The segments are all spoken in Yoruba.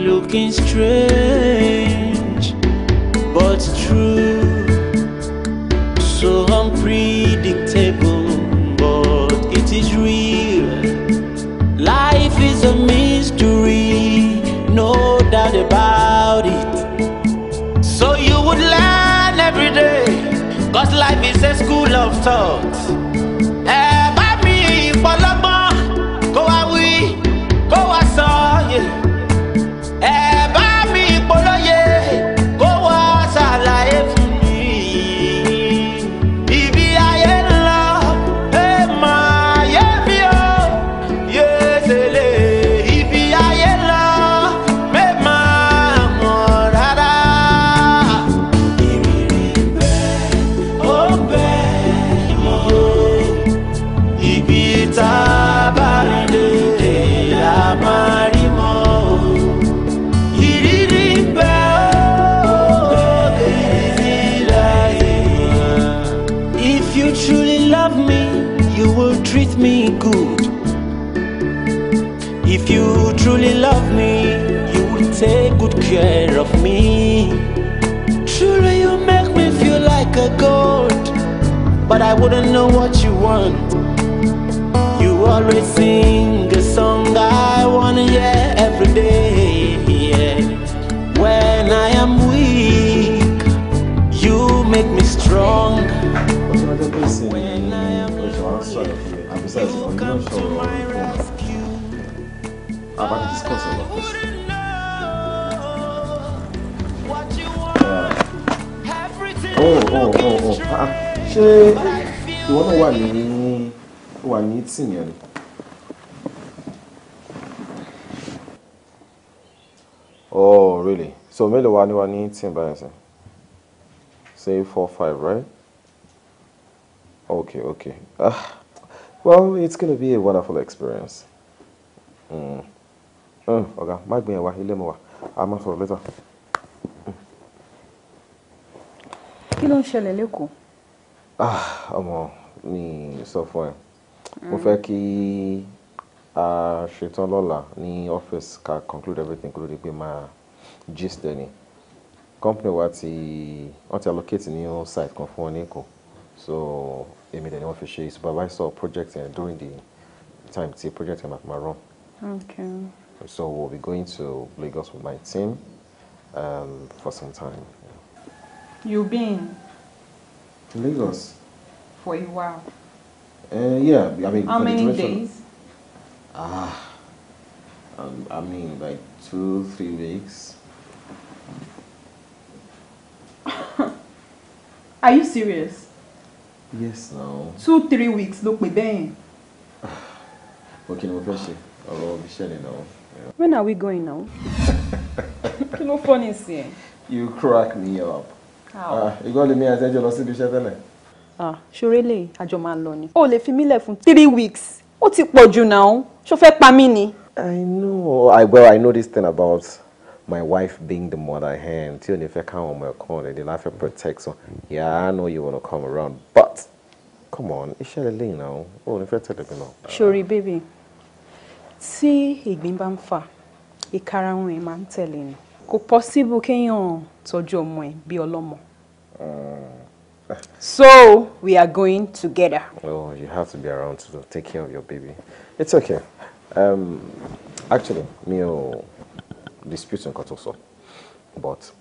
looking strange, but true. So unpredictable, but it is real. Life is a mystery, no doubt about it. So you would learn every day, cause life is a school of thought. wouldn't know what you want. You always sing a song I wanna hear every day. Yeah. When I am weak, you make me strong. When I am weak, you come to my rescue. Ah, I want to discuss about this. Oh, oh, oh, oh. Ah, shit ìwọ náà wà ní wà ní tìǹyà oh really so mélòó wa ni wa ní tìǹbà yẹn sẹ say four five right okay okay ah well it's gonna be a wonderful experience. Mm. ọ̀gá má gbìyànjú wa ilé mi wà a máa sọ̀rọ̀ later. kí ló ń ṣẹlẹ̀ lẹ́kọ̀ọ́. Ah, ọmọ mi sọ fún ẹ. Mo fẹ́ kí a ṣetán lọ́la ní ọ́fíìsì ká conclude everything kó tó di pé máa gist ẹ Company wa ti, wọ́n ti allocate new site kan fún wọn ní Èkó. So èmi dẹ̀ ni wọ́n fi ṣe supervisor project yẹn during the time tí project yẹn máa run. Okay. So we'll be going to Lagos with my team um, for some time. You been? Lagos for a while? Uh, yeah, I mean. How many days? Ah, um, I mean, like two, three weeks. Are you serious? Yes, no. Two, three weeks Look, pé bẹ́yẹn. Okay, no pressure. mo fẹ́ ṣe ọ̀rọ̀ iṣẹ́ ni When are we going now? Kí ló fọ́ ní ìsìn ẹ̀? You crack me up. Ah, ìgbọ́n lèmi àti ẹjọ́ lọ síbi iṣẹ́ tẹ́lẹ̀ ah ṣoré lè àjọ máa lọ ni. o lè fi mí fún three weeks ó ti pọ̀ jù náà ṣó fẹ́ pa mí ni. i know i well i know this thing about my wife being the mother hen tí o ní fẹ́ káwọn ọmọ ẹ̀kọ́ rẹ̀ laugh láfẹ́ protect so yeah i know you wanna come around but come on iṣẹ́ lè lè náà o ní fẹ́ tẹ̀lé mi náà. sori baby tí ìgbín bá ń fà ìkarahun ẹ̀ máa ń tẹ̀lé ni kò possible kéèyàn tọ́jú ọmọ ẹ̀ bí ọlọ́mọ. Mm so we are going together. Well, you have to be around to take care of your baby. It's okay. Um, actually, mi ò dispute nǹkan tó sọ, but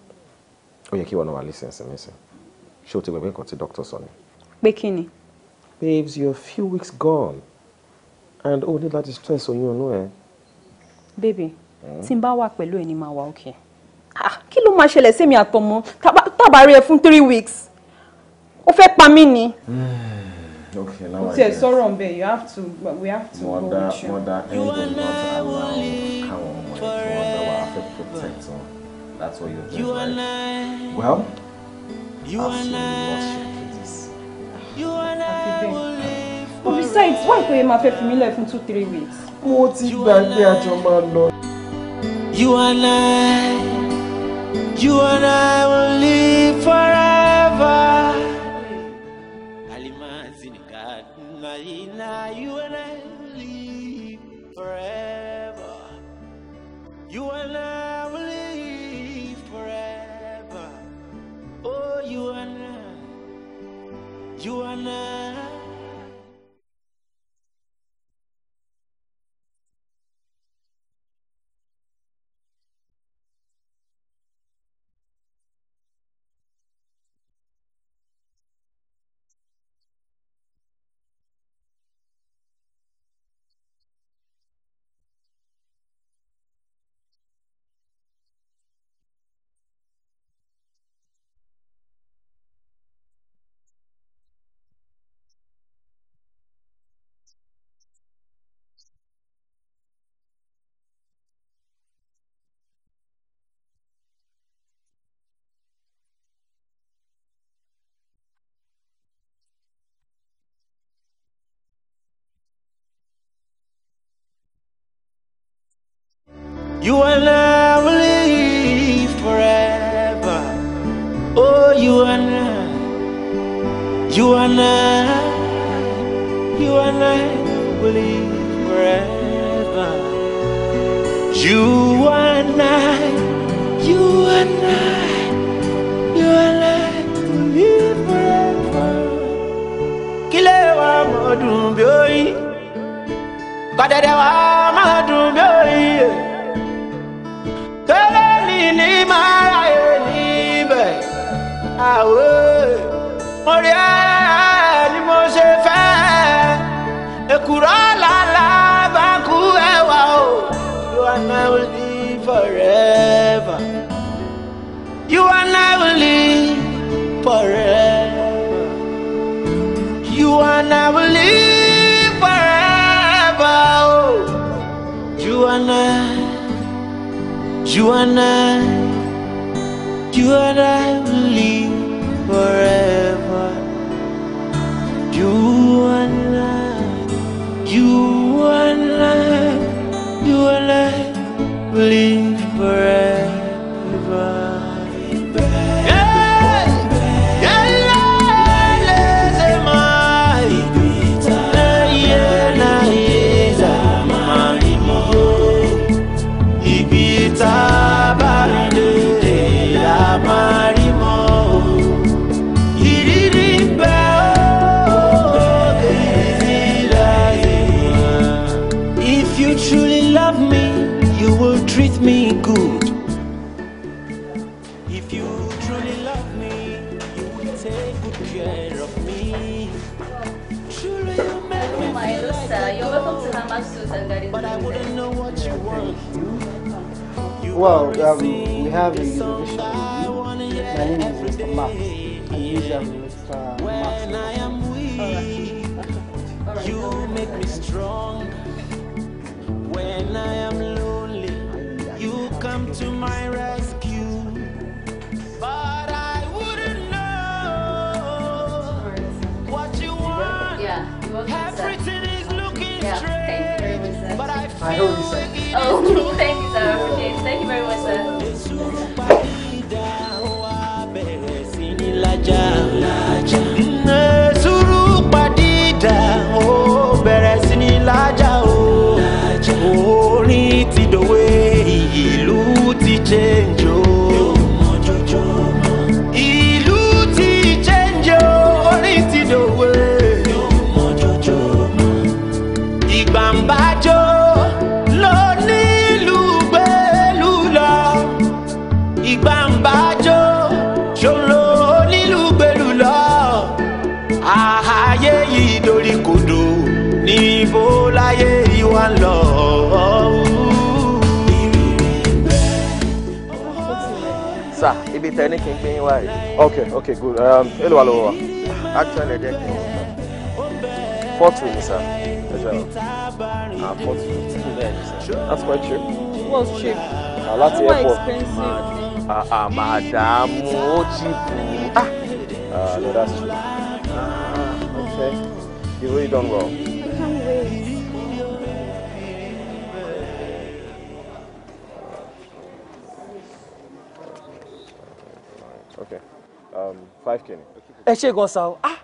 ó yẹ kí wọn náà wà listen sí mi sí. Ṣé o doctor sọ Bikini. Pé kí Babes, you're a few weeks gone and ó ní láti stress you inú eh. Baby, simba hmm? n bá wà pẹ̀lú ẹ okay. Ah, kilo máa ṣẹlẹ̀ sí mi atomo tábàárí ẹ fún three weeks? ó fẹ́ pa mí ni. Hmm, okay now i get sọ̀rọ̀ you have to we have to go with you. wọ́n dá ẹ̀yìn tó ń lọ sí àwọn káwọn ọmọ ẹ̀ protect wọn that's what you're doing right well absolutely not shaking this. àti bẹ́ẹ̀ but besides why kò you máa fẹ́ fi life lẹ̀ two three weeks. mo ti gbà pé àjọ máa lọ. you and I you and I will live forever. Marina, you and I will live forever. You and I will live forever. Oh, you and I, you and I. You and I will live forever. Oh, you and I, you and I, you and I will live forever. You and I, you and I, you and I will live forever. Kilewa wa modun Kura la la baku ewa o. You and I will live forever. You and I will live forever. You and I will live forever. Oh. You and I. You and I. You and I. I wouldn't know what you were. Well, um, we have a musician. My name is Mr. Max. I usually Mr. Max. You make me strong when I am Oh, thank you, Sarah, for this. Thank you very much, sir. tẹ ní kí n gbé yín wá good Um. Hello, hello. actually ẹ̀jẹ̀ kí n sọ sir ẹ̀jẹ̀ ah, that's quite cheap. it cheap. ah láti airport ah ah màdàmú ó chìpù ah ah no that's true ah okay you really done well. five kìíní. ẹ ṣe gan sa o ah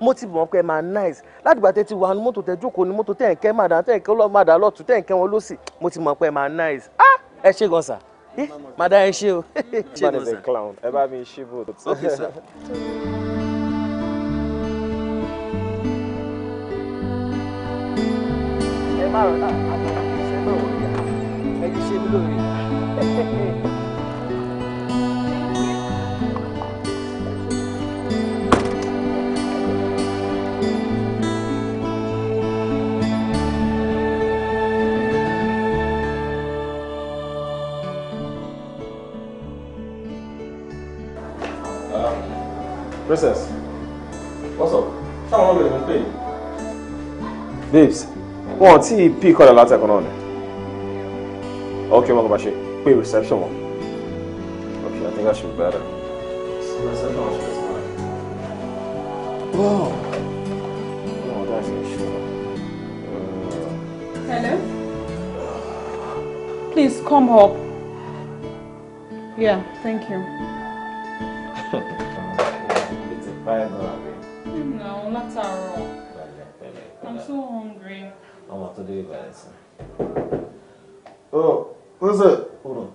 mo ti mọ̀ pé máa nice látìgbà tẹ́ ti wà mọ́tò tẹ́ jókòó ní mọ́tò tẹ́ ń kẹ́ màdá tẹ́ ń kẹ́ màdá lọ́tún tẹ́ mo ti mọ̀ pé máa nice ah ẹ ṣe gan sa eh, màdá ẹ ṣe o. ṣe gan sa ẹ bá mi ṣe bò. okay sir. ẹ má rọ̀ náà àtàwọn ìṣẹ́ náà wọ̀ ẹ́ ẹ́ ṣe mí lóore. Princess, what's up? Táwọn ọmọ mi lè mú pè é. Babes, wọn tí ì pí ìkọ́lẹ̀ látẹ̀kọ́ náà ni. Ok, wọn kò bá ṣe pé reception wọn. Ok, I think I should be better. Wow! Oh, Hello? Please come up. Yeah, thank you. Báyọ̀ náà rí. Mímu àwọn látàárọ̀. I'm so hungry. Ọmọ tó dé ìbàdàn sí. Oh, who's it? Hold on.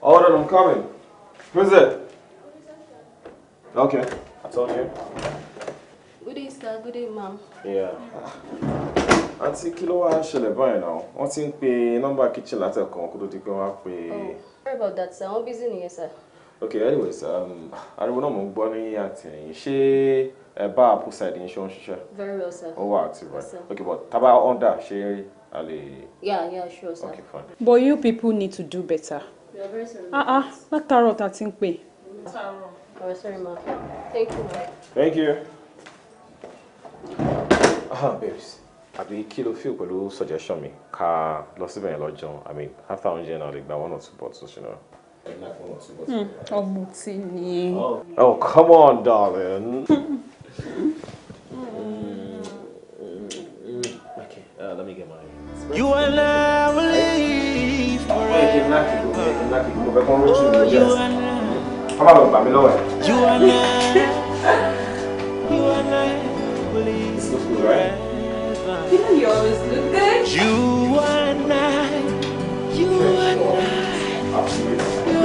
Hold on, I'm coming. Who's it? Okay, I told you. Good day, sir. Good day, ma'am. Yeah. Auntie, ah. kilo wa wá ṣẹlẹ̀ báyìí náà? Wọ́n ti ń pe nọ́mbà kitchen látẹ̀kọ̀ kó tó di pé wọ́n á pe. Oh, sorry about that, sir. I'm busy nìyẹn, sir okay anyways um, ariwo náà mo ń gbọ́ ní àtìlẹ́yìn ṣé ẹ bá poolside ní ṣe ń ṣiṣẹ́. very well sir. ó wà active right sir. okay but taba under ṣé a lè. yeah yeah sure sir. okay fine. but you people need to do better. We are very sorry. ah ah látàárọ̀ tá a ti ń pè. látàárọ̀. Oh, sorry, ma. Thank you, Thank you. Ah, babes. Àbí kí ló feel pẹ̀lú suggestion mi ká lọ síbẹ̀ yẹn lọ jẹun. I mean, after oúnjẹ náà lè gba one or two bottles, you know. Mm. Oh, come on, darling. okay, uh, let me get mine. Oh, you will never leave You are not. You are not. You are not. Believe. This looks good, You always look You are not.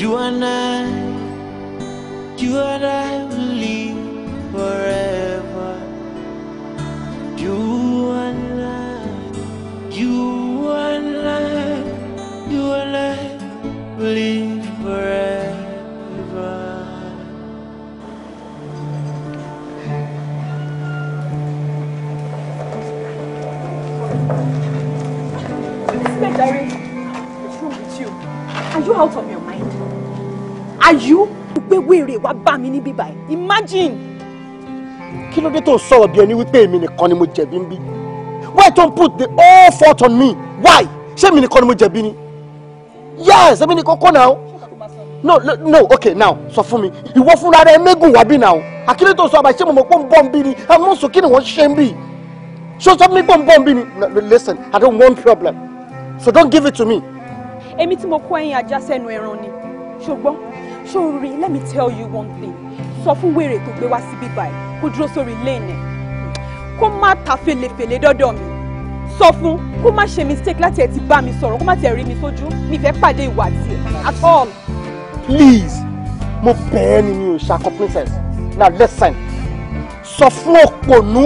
you and I, you and I will live forever. You and I, you and I, you and I will live forever. Is Miss Medari, what's wrong with you? Are you out of àyù gbé wèrè wá bá mi níbí báyìí imagine. kí ló dé tó ń sọ̀rọ̀ bí ẹni wípé èmi nìkan ni mo jẹ̀bi ń bí why don't put the all fault on me why ṣé èmi nìkan ni mo jẹ̀bi ni yes èmi nìkan kọ́ náà no no okay now sọ fún mi ìwọ fúnra rẹ mẹ́gùn wá bí náà àkílẹ̀ tó sọ àbá ṣé mo mọ̀ pé ń bọ̀ ń bí ni àmọ́ sọ kí ni wọ́n ṣe ń so sọ mi pé ń bọ̀ ni listen i don't want problem so don't give it to me. èmi tí mo kó ẹyin ajá sẹ́nu ẹran ni ṣùgbọ́n Sorry, let me tell you one thing sọ fún wèrè tó gbé wá síbí báyìí kó dúró sórí lẹ́ẹ̀nẹ̀ kó má ta fèlèfèlè dọ́dọ̀ mi sọ fún kó má ṣe mistake láti ẹ̀ ti bá mi sọ̀rọ̀ kó má ti ẹ̀ rí mi sójú mi fẹ́ pàdé ìwà tiẹ̀ at all. please mo bẹ̀ẹ́ ni mi ò ṣakọ princess now listen sọ fún òpònú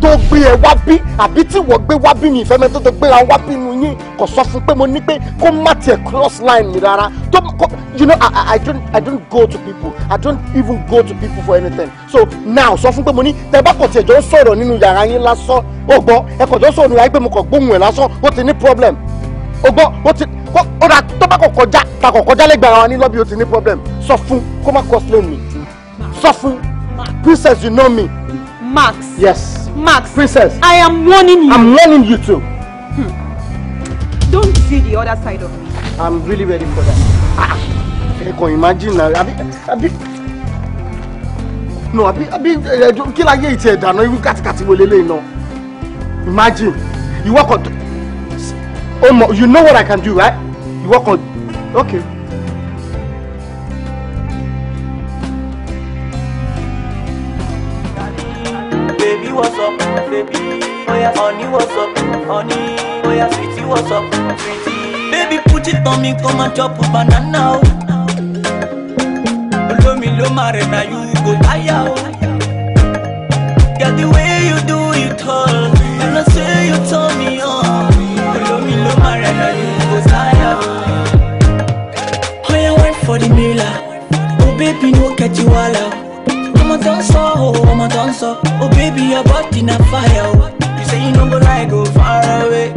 tó gbé ẹ wá bí àbí tí wọ́n gbé wá bí mi ìfẹ́ mẹ́tọ́ tó gbéra wá bí nu yín kò sọ fún pé mo ní pé kó má tiẹ̀ cross line mi rárá tó kó you know I, I, I don't I don't go to people I don't even go to people for anything so now sọ fún pé mo ní tẹ́bá kò tiẹ̀ jọ ń sọ̀rọ̀ nínú yàrá yín lásán ó gbọ́ ẹ kò jọ ń sọ̀rọ̀ nínú yàrá pé mo kàn gbóhùn ẹ̀ lásán ó ti ní problem ó gbọ́ ó ti ó ra tó bá kò kọjá ta kò kọjá lẹ́gbẹ̀ẹ́ ara wa ní lọ́bì ó ti ní problem sọ fún kó má cross line mi sọ fún princess you know me. Max. Yes. Max. Princess. I am warning you. I'm warning you too. Hmm. Don't see the other side of me. I'm really ready for that. Ah, I can imagine now. Abi, abi. No, abi, abi. Eh, eh, kí la yé ìtẹ̀ ìdáná irú kàtìkàtì wo lélẹ́yìn náà? Imagine. You walk on. Oh, you know what I can do, right? You walk on. Okay. on me, come and chop a banana. Oh. Follow me, lo mare, now you go tire. Oh. Yeah, the way you do it all, oh. and I say you turn me on. Follow me, lo mare, now you go tire. Oh, you went for the miller. Oh, baby, no catch you all out. I'm a dancer, oh, I'm a dancer. Oh, baby, your body na fire. You say you don't go like go far away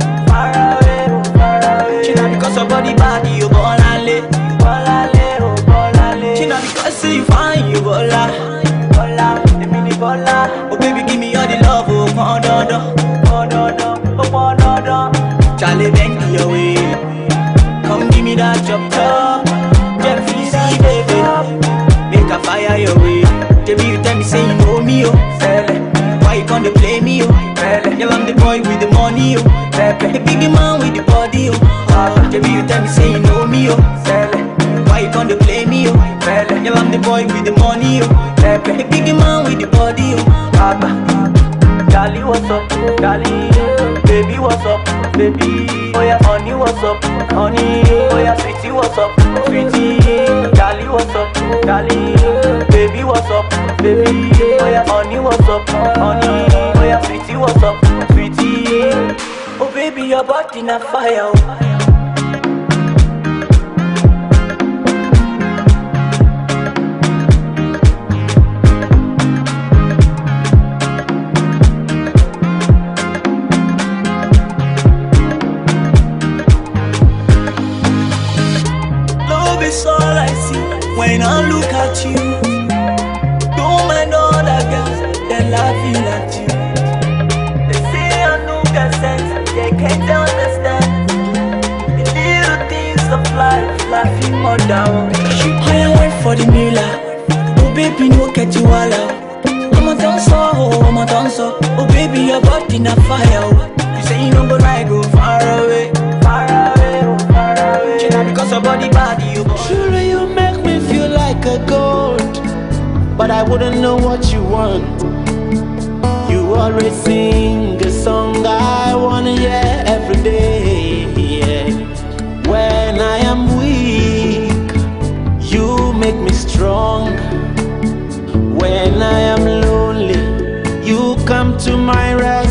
body bad, you bola le. Bola le, oh bola le. She not because say you fine, you bola. Bola, the mini bola. Oh baby, give me all the love, oh pon dodo, pon dodo, oh pon Charlie, bend your way. Come give me that chop chop. gonna play me, yo? Yeah, I'm the boy with the money, oh The big man with the body, oh Ah, baby, you tell me, say you know me, yo. Oh. Why you gonna play me, yo? Yeah, I'm the boy with the money, oh The big man with the body, yo. Oh. Ah, Baba, Dali, what's up? Dali, Baby, what's up? Baby, oh yeah, honey, what's up? Honey, oh yeah, sweetie, what's up? Sweetie, Dali, what's up? Dali, yeah baby, what's up? Baby, oh yeah, honey, what's up? Honey, oh yeah, sweetie, what's up? Sweetie, oh baby, your body na fire. Oh. Love is all I see when I look at you. I know for the mirror. Oh baby, no you all out. I'm oh, I'm Oh baby, your fire. Oh. You say you don't go right, go far away, far away, oh, far away. because your body body, you. Truly, you make me feel like a but I wouldn't know what you want. Every sing a song I wanna hear every day. Yeah. When I am weak, you make me strong. When I am lonely, you come to my rescue.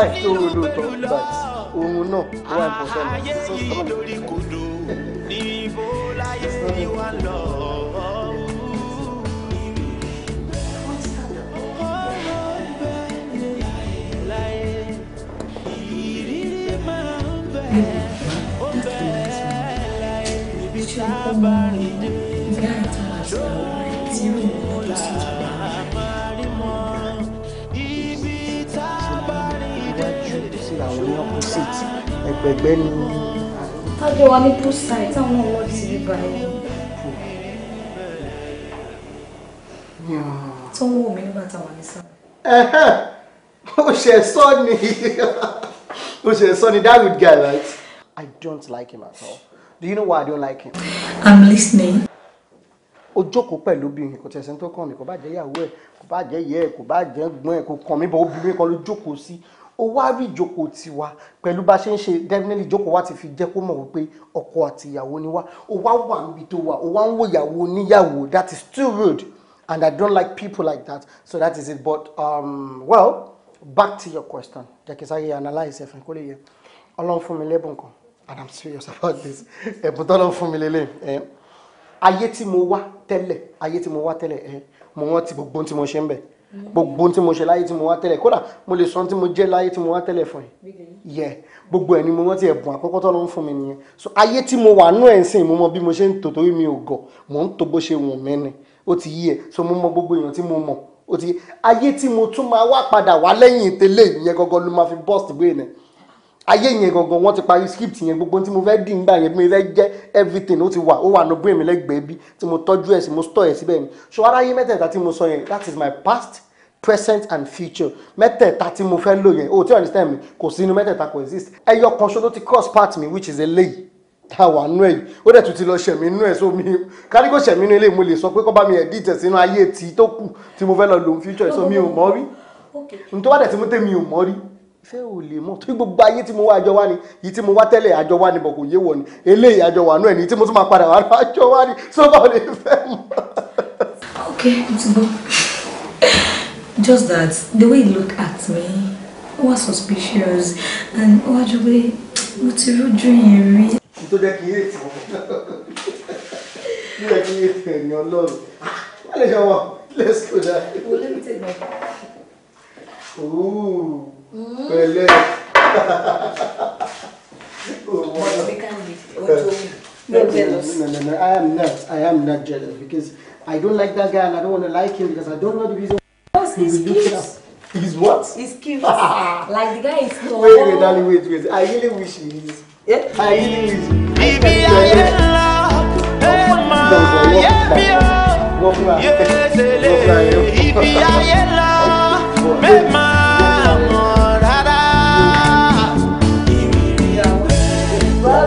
life tó rò lóòótọ́ but ohun náà ó wà important. ayé yìí lórí kodo níbo láyé yìí wá lọ. àwọn ní opposite ẹgbẹgbẹ ni. tájọ wa ní pool side táwọn náà ti rí báyìí. tó ń wò mí nígbà táwọn ní sáà. ó ṣe sọ ni ó ṣe sọ ni that good guy right. I don't like him at all. Do you know why I don't like him? I'm listening ó jókòó pẹ̀lú obìnrin kò tẹ̀sán tó kàn mí kò bá jẹ́ ìyàwó ẹ̀ kò bá jẹ́ ìyẹ́ ẹ̀ kò bá jẹ́ gbọ́n ẹ̀ kò kàn mí bọ̀ obìnrin kan ló jókòó sí ó wá rí ìjókòó tiwa pẹ̀lú bá a ṣe ń ṣe definitely ìjókòó wa ti fi jẹ́ kó mọ̀ wípé ọkọ àti ìyàwó ni wá ó wá wà níbi tó wà ó wá ń wo ìyàwó oníyàwó that is too rude and I don't like people like that so that is it but um, well back to your question jẹ́kẹ́sáyé analyse ẹ̀fìn kó lè yẹ ọlọ́run fún mi lẹ́bùn kan and I'm serious about this ẹ̀bùn tọ́lọ́run fún mi lélẹ̀ ayé tí mo wá tẹ́lẹ̀ ayé tí mo wá tẹ́lẹ̀ mo ti gbogbo ohun tí mo ṣe ń bẹ̀ gbogbo tí mo ṣe láyé tí mo wá tẹ́lẹ̀ kódà mo lè sọ tí mo jẹ́ láyé tí mo wá tẹ́lẹ̀ fún yẹ gbogbo ẹ̀ ni mo rántí ẹ̀bùn àkọ́kọ́ tó ló ń fún mi nìyẹn so ayé tí mo wà nú ẹ̀ ń sìn mo mọ bí mo ṣe ń tò torí mi ò gọ̀ mò ń tò bó ṣe wù mí ni ó ti yí ẹ so mo mọ gbogbo èèyàn tí mo mọ̀ ó ti ayé tí mo tún máa wá padà wá lẹ́yìn ìtẹ́lẹ̀ ìyẹn gọ́gọ́ ló máa fi bọ́ọ̀sì gbé yẹn ayé yẹn gangan wọ́n ti parí script yẹn gbogbo tí mo fẹ́ dì nígbà yẹn bí mo fẹ́ jẹ́ everything ó ti wà ó wà ní brain mi lẹ́gbẹ̀ẹ́ bí tí mo tọ́jú ẹ̀ sí mo store ẹ̀ síbẹ̀ ni so aráyé mẹ́tẹ̀ẹ̀ta tí mo sọ yẹn that is my past present and future mẹ́tẹ̀ẹ̀ta tí mo fẹ́ lò yẹn o ti understand mi kò sí inú mẹ́tẹ̀ẹ̀ta kò exist ẹyọ kan ṣo ló ti cross path mi which is eléyìí tá a wà nú ẹ̀ ó dẹ̀ tún ti lọ ṣẹ̀mí nú ẹ̀ sómi kárígò ṣẹ̀mí nú eléyìí mo lè sọ pé kọ́ bá mi edit sínú ayé tí tó kù tí mo fẹ́ lọ lòun future ẹ̀ So mi ò mọ̀ rí n tó bá dẹ̀ ti ò mọ̀ rí ìfẹ́ ò lè mọ̀ torí gbogbo ayé tí mo wá àjọ wá ni yìí tí mo wá tẹ́lẹ̀ àjọ wá ni bọ̀ kò yé wọ̀ ni eléyìí àjọ wà nú ẹ̀ ni tí mo tún máa padà wá àjọ wá ni sọ bá lè fẹ́ mọ̀. ok mo ti gbọ́ just that the way he looked at me ó wá suspicious and ó wá jọ pé mo ti rójú yẹn rí. tó jẹ́ kí n yé tán ní ẹ̀ kí yé tán ẹ̀yìn ọlọ́run wọ́n ṣe wọn let's go there. well let me take pẹ̀lẹ́ No, no, no, I am not. I am not jealous because I don't like that guy and I don't want to like him because I don't know the reason. Because he's cute. He's what? He's cute. like the guy is tall. Wait, wait, darling, wait, wait. I really wish he is. Yeah? I really wish. Baby, I am love. Hey, ma, yeah, yeah. Walk around. Walk around. Baby,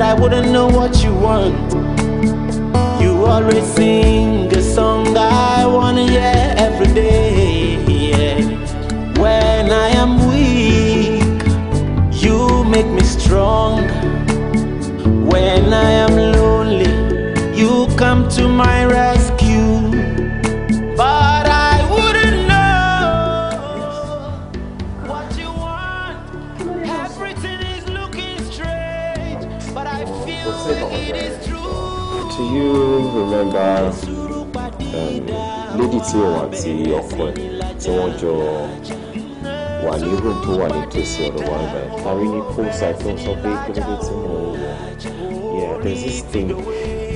but I wouldn't know what you want. You always sing a song I wanna hear every day. When I am weak, you make me strong. When I am lonely, you come to my rescue. do you remember um, lady tí òun àti ọkọ ẹ̀ tí wọ́n jọ wà ní room tó wà ní tòsí ọ̀dọ̀ wa ibà parí ní poolside tó ń sọ pé kílódé tí mo ń wọ̀ yeah there's this thing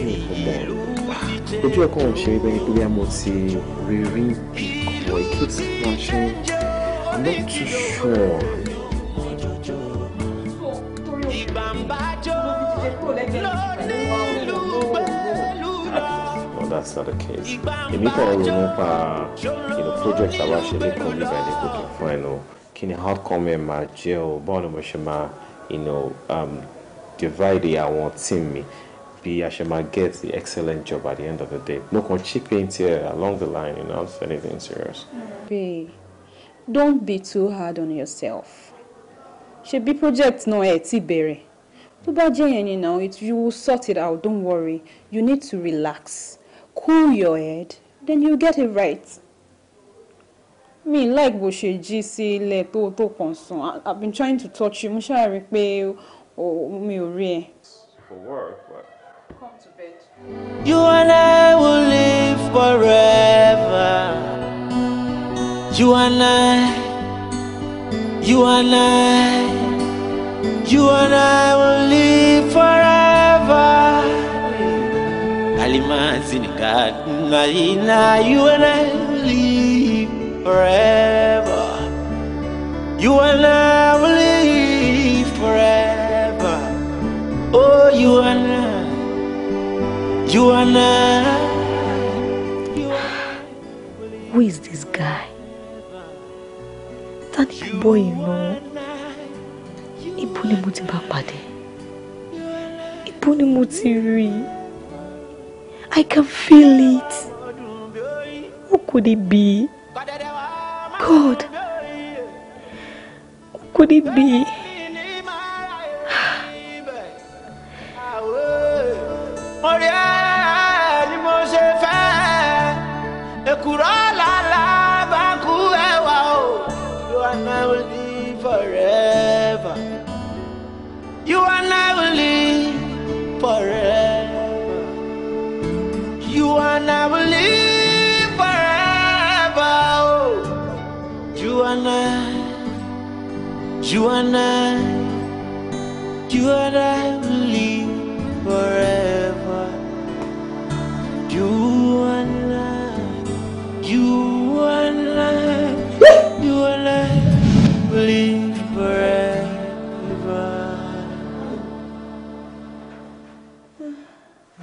ní ìgbìmọ̀ ojú ẹ̀kọ́ ń ṣe bẹ́ẹ̀ pé bí ti rí rí bí kọ̀ it keeps flashing I'm not too sure. that's not the case èmi kàn ń ronú you know projects àwa ṣe lẹ́kọ̀ọ́ nígbà ní kò kí fún ẹ nù kí ni outcome ẹ máa jẹ́ you know um, divide àwọn team Me, bí a ṣe get the excellent job at the end of the day No kàn chip in tiẹ̀ along the line you know not anything serious. babe don't be too hard on yourself ṣebí project náà ẹ ti bẹ̀rẹ̀ tó bá jẹ́ now it you will sort it out don't worry you need to relax cool your head then you get it right. Me like bó ṣe jí sí ilẹ̀ tó tó kàn sùn I've been trying to touch you mo ṣáà rí i pé mi ò rí ẹ. for work come to bed. you and I will live forever. you and I you and I you and I will live forever in the garden. Now you and I will live forever. You and I will live forever. Oh, you and I. You and I. Who is this guy? That boy, you know. Ibo ni mo ti bá pàdé. Ibo ni mo ti rí i. I can feel it. Who could it be? God. Who could it be? Mọ̀rẹ́ ni mo ṣe fẹ́, èkùrọ́ You and I, you and I will live forever. You and I, you and I, you and I will live forever.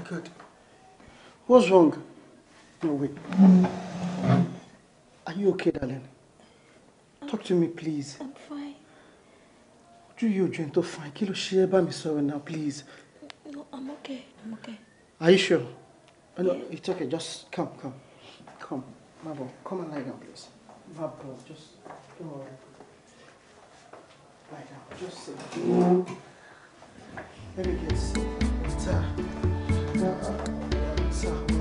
Good. What's wrong? No, wait. Hmm. Are you okay, darling? Talk to me, please. Do yìí drink ẹni fine? fà kí ló ṣe é now please. no i'm okay i'm okay. are you sure. Oh, no, it's okay just come come come my boy come and lie down please my boy just don't worry lie down just sit. let me get water. Uh, uh, uh,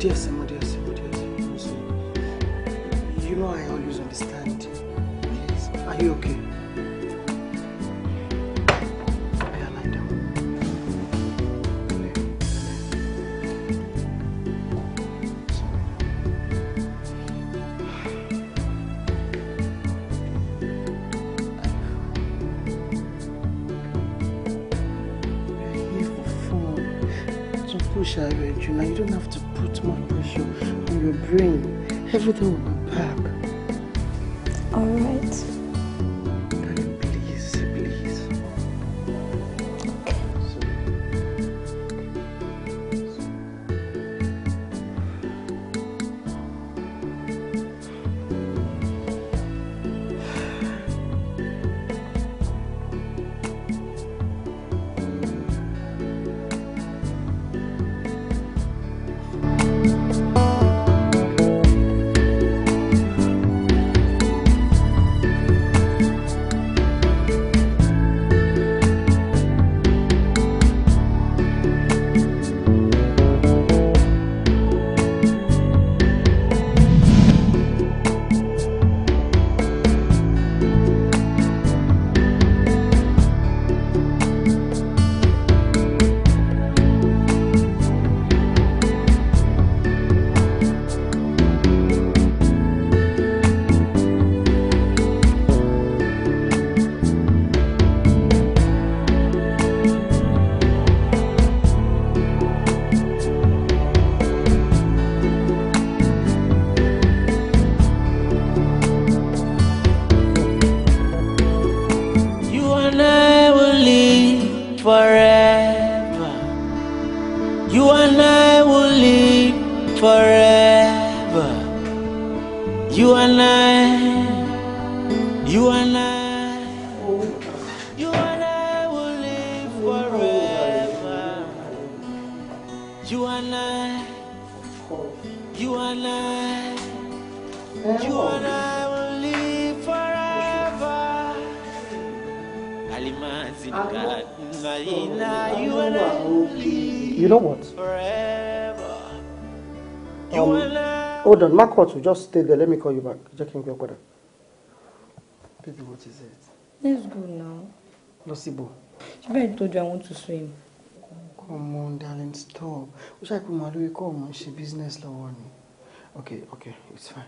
Dear dear Modesty, dear modesty. You know I always understand. Yes. Are you okay? 不是挺好吗？Um, hold on, Marcot will just stay there. Let me call you back. Jẹ́ kí n Baby, what is it? Let's go now. Lọ síbò. Ṣé bẹ́ẹ̀ tó ju àwọn tó sọ yìí? Come on, darling, stop. Ó ṣàkóso màá lórí come on. ṣe business lọ́wọ́ ni. Okay, okay, it's fine.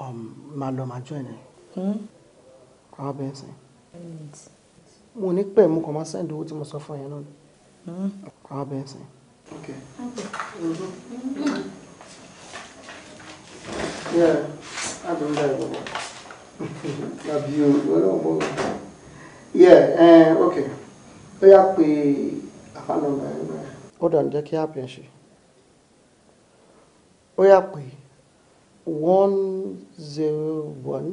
Um, màá lọ màá join ẹ. Àwọn hmm? bẹ́ẹ̀ sìn. Mo ní pẹ̀ mo kàn máa send you to my sofa. fún ẹ náà. Àwọn hmm? bẹ́ẹ̀ sìn. Okay. okay. Mm Mm -hmm. Yeah, I don't know. Have you? Well, yeah, uh, okay. Ó yá pé àfànàmà ẹ̀ náà. Ó dàn jẹ́ kí àpè ṣe. Ó one zero one.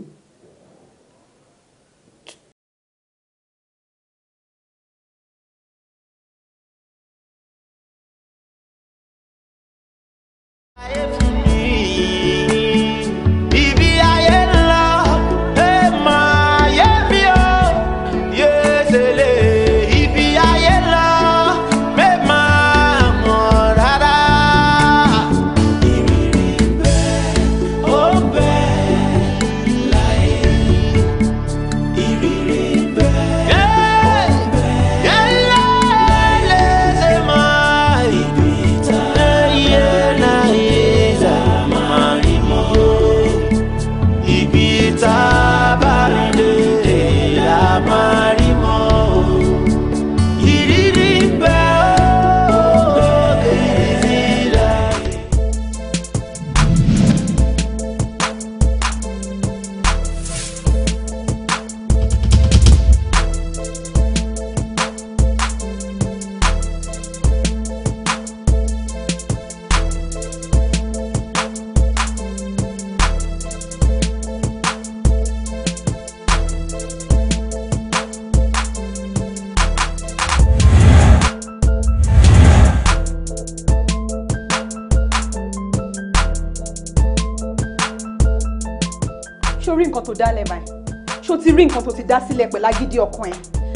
dé ọkàn ẹ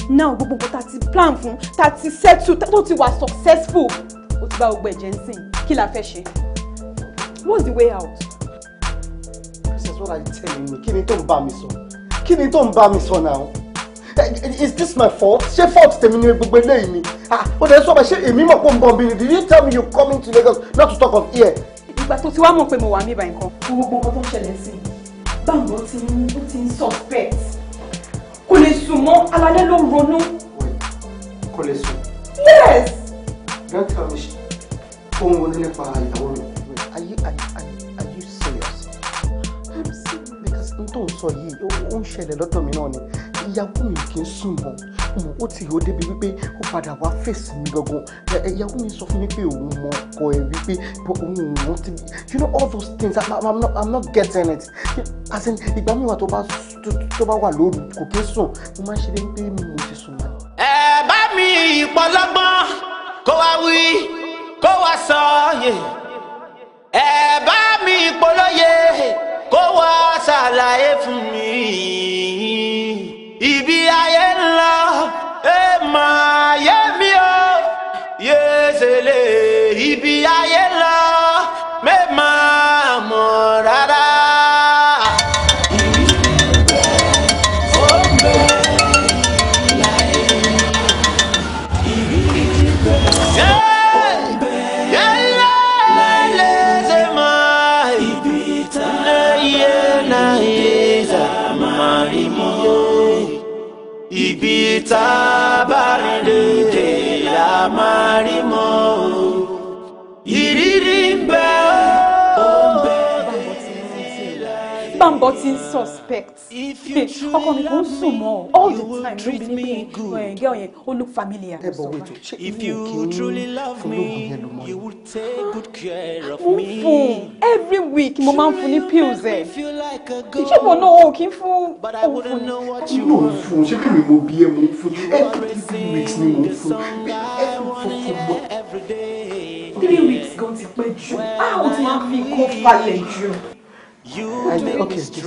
now gbogbo nǹkan tá a ti plan fún tá a ti settle tó ti wà successful ó ti bá gbogbo ẹ̀jẹ̀ ń sìn kí la fẹ́ ṣe what's the way out. princess what are you telling me kí ni tó ń bá mi sọ kí ni tó ń bá mi sọ now eh, is this my fault ṣé fault tèmi ni gbogbo eléyìí ni ah o de sọ ma ṣe èmi mọ̀ pé n bọ̀ mi ni did you tell me you coming to Lagos not to talk of here. ìgbà tó ti wá mọ̀ pé mo wà mí ìbà nǹkan. gbogbo nǹkan tó ń ṣẹlẹ̀ sí i báńgò ti ń suspect kò lè sùn mọ́ alalẹ́ ló ronú. kò lè sùn. yes. don't tell me ohun ronú nípa ìyàwó rẹ. are you are, are, you serious. i'm serious because n tó ń sọ yìí ó ń ṣẹlẹ̀ lọ́dọ̀ mi náà ni ìyàwó mi kì í sùn mọ́ ọmọ ti yóò débi wípé ó padà wá fèsì mi gangan ìyàwó mi sọ fún mi pé òun mọ ọkọ ẹ wípé òun mọ ti you know all those things i'm, I'm, not, I'm not getting it as in ìgbà mi wà tó bá tó bá wà lóru kò kí n sùn mo máa ń ṣe wípé mi ò ti sùn mọ́. ẹ bá mi ìpọlọgbọn kó wá wí kó wá sọ yè ẹ bá mi ìpolóye kó wá ṣàlàyé fún mi ibi ayé ńlá ọmọ ayé mi o yéé ṣe lè ibi ayé lọ mẹ́ẹ̀mọ́. María. Bambo ti suspect ọkọ mi kò ń sùn mọ́ ọ all the time ló bí mi pé eh, girl yẹn ó look familiar. ẹ bọ̀ wẹ̀ tó ṣe mi ò kí ń fọlọ́gùn yẹn ló mọ́ mo fún every week mo máa ń fún ní pills ẹ eh. ìṣègùn náà o kì í fún òun fún mi. mo ń fún ṣé kí mi mo bí ẹ mo ń fún every three weeks ni mo ń fún every four four three weeks gan ti pẹ́ jù a ah, ò ti máa fi kó falẹ̀ jù. I, okay, this, this.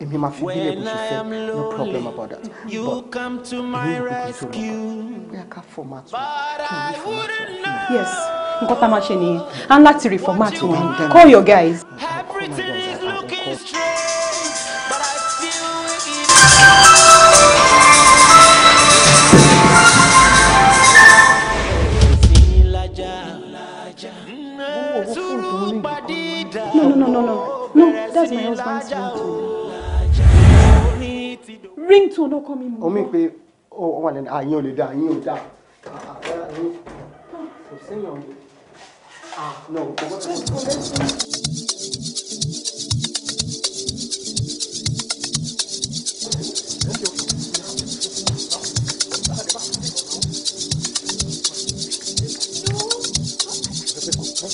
Èmi máa fi no problem about that. You but come to my rescue. Bóyá ká format wọn, kí n rí format Yes, nǹkan a máa ṣe nìyẹn, à reformat wọn. Call your guys. Everything is looking straight. my husband's ringtone. Ringtone ló kọ́ mi mú. Omi pé ó wà lẹ́nu àyín ò lè dá àyín ò dá. Kò séyàn. Ah no.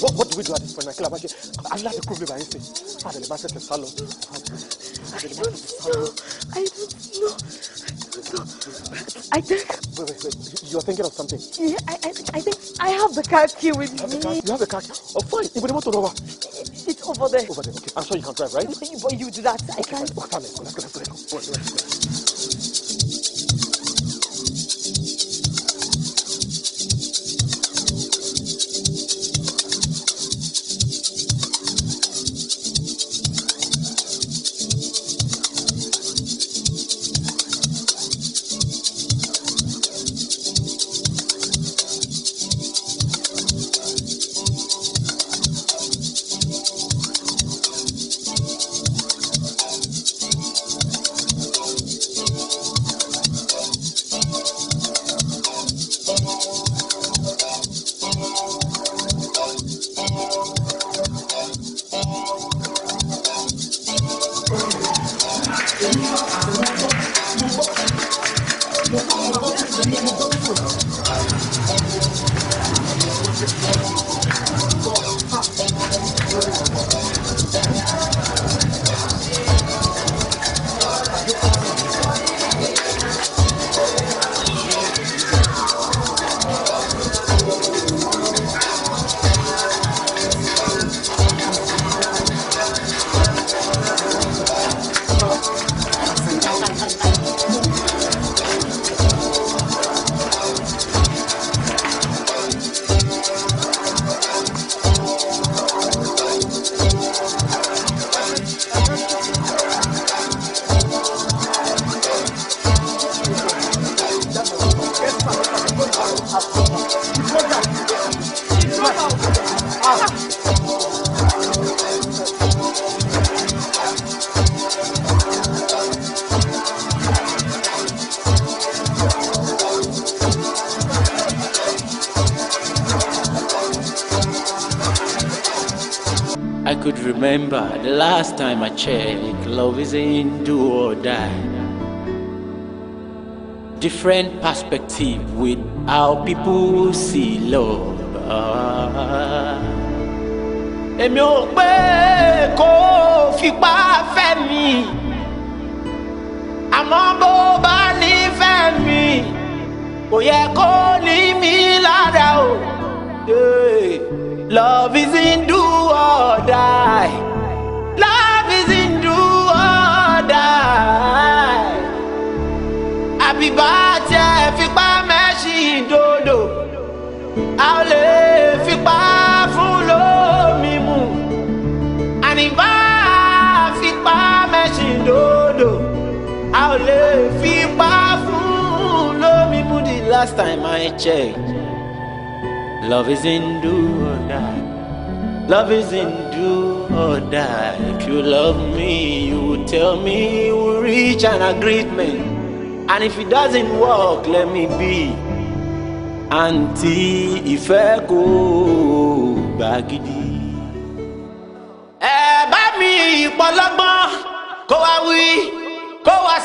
What, what do we do at this point? Michael Abake, I'm not the crew member. I say, ah, ah, I don't know. I don't know. I don't know. I think. Wait, wait, wait. You're thinking of something. Yeah, I, I, I think I have the car key with you me. you have the car key. Oh, fine. If You want to know It's over there. Over there. Okay. I'm sure you can drive, right? But you, do that. I can't. Okay, fine. Let's go. Let's go. Let's go. Let's go. Let's go. remember the last time I checked, love is in do or die. Different perspective with how people see love. Èmi ò pé kó fipá fẹ́ mi, àmọ́ bó bá nífẹ̀ẹ́ mi, kò yẹ kó ní mi lára o. Love is in do or die. Love is in do or die. Àbí bá tiẹ̀ fipá mẹ́ṣin dodo, a ò lè fipá fún lómi if you bá fipá mẹ́ṣin dodo, a ò lè fipá fún lómi The last time I checked, love is in do or die. Love is in do or die. If you love me, you will tell me you will reach an agreement. And if it doesn't work, let me be. Àǹtí ìfẹ́ kò gbà gidi. Ẹ bá mi ìpọlọ́gbọ́n kó wá wí kó wá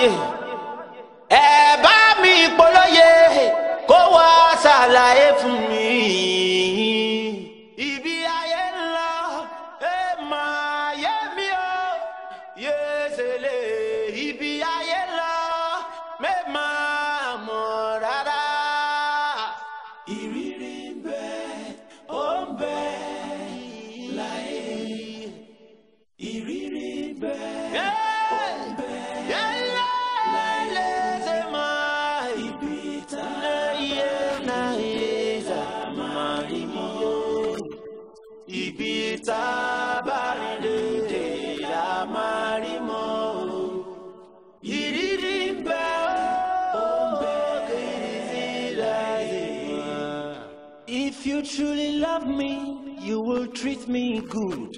Eh, Ẹ bá mi ìpolóye kó wá ṣàlàyé fún mi. love me, you will treat me good.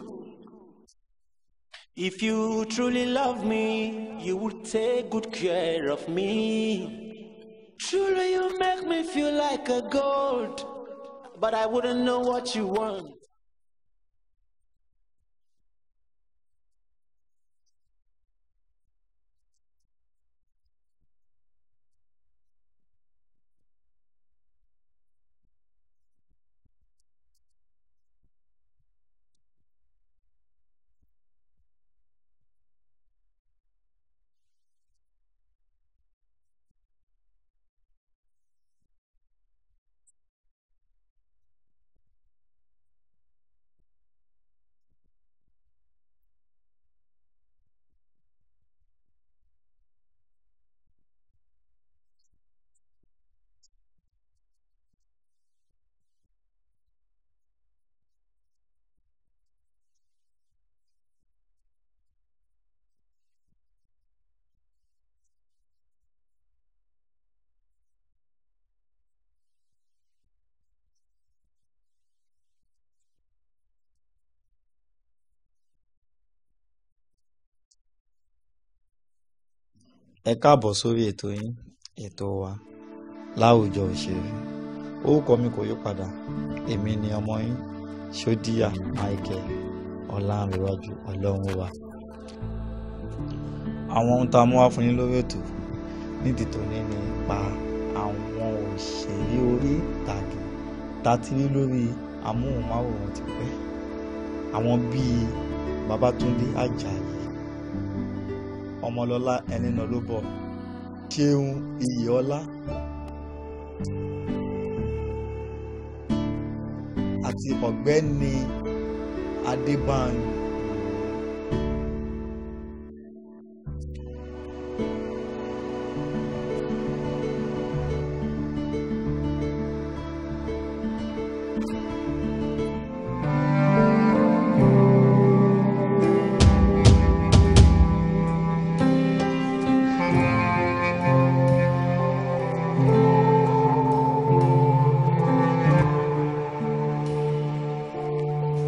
If you truly love me, you will take good care of me. Truly, you make me feel like a gold, but I wouldn't know what you want. ẹ káàbọ̀ sórí ètò yín ètò wa láwùjọ òṣèré orúkọ mi kò yí padà èmi ni ọmọ yín ṣódíyà michael ọlánrewájú ọlọ́run wa àwọn ohun tá a mú wá fún yín lórí ètò nídìí tòní ni ipa àwọn òṣèré orí ìtàgé tá a ti rí lórí amóhùnmáwòrán ti pẹ́ àwọn bíi babatunde ajayi ọmọlọ́lá ẹnìnà ló bọ̀ ṣéun iyèọlá àti ọ̀gbẹ́ni adébáyọ̀.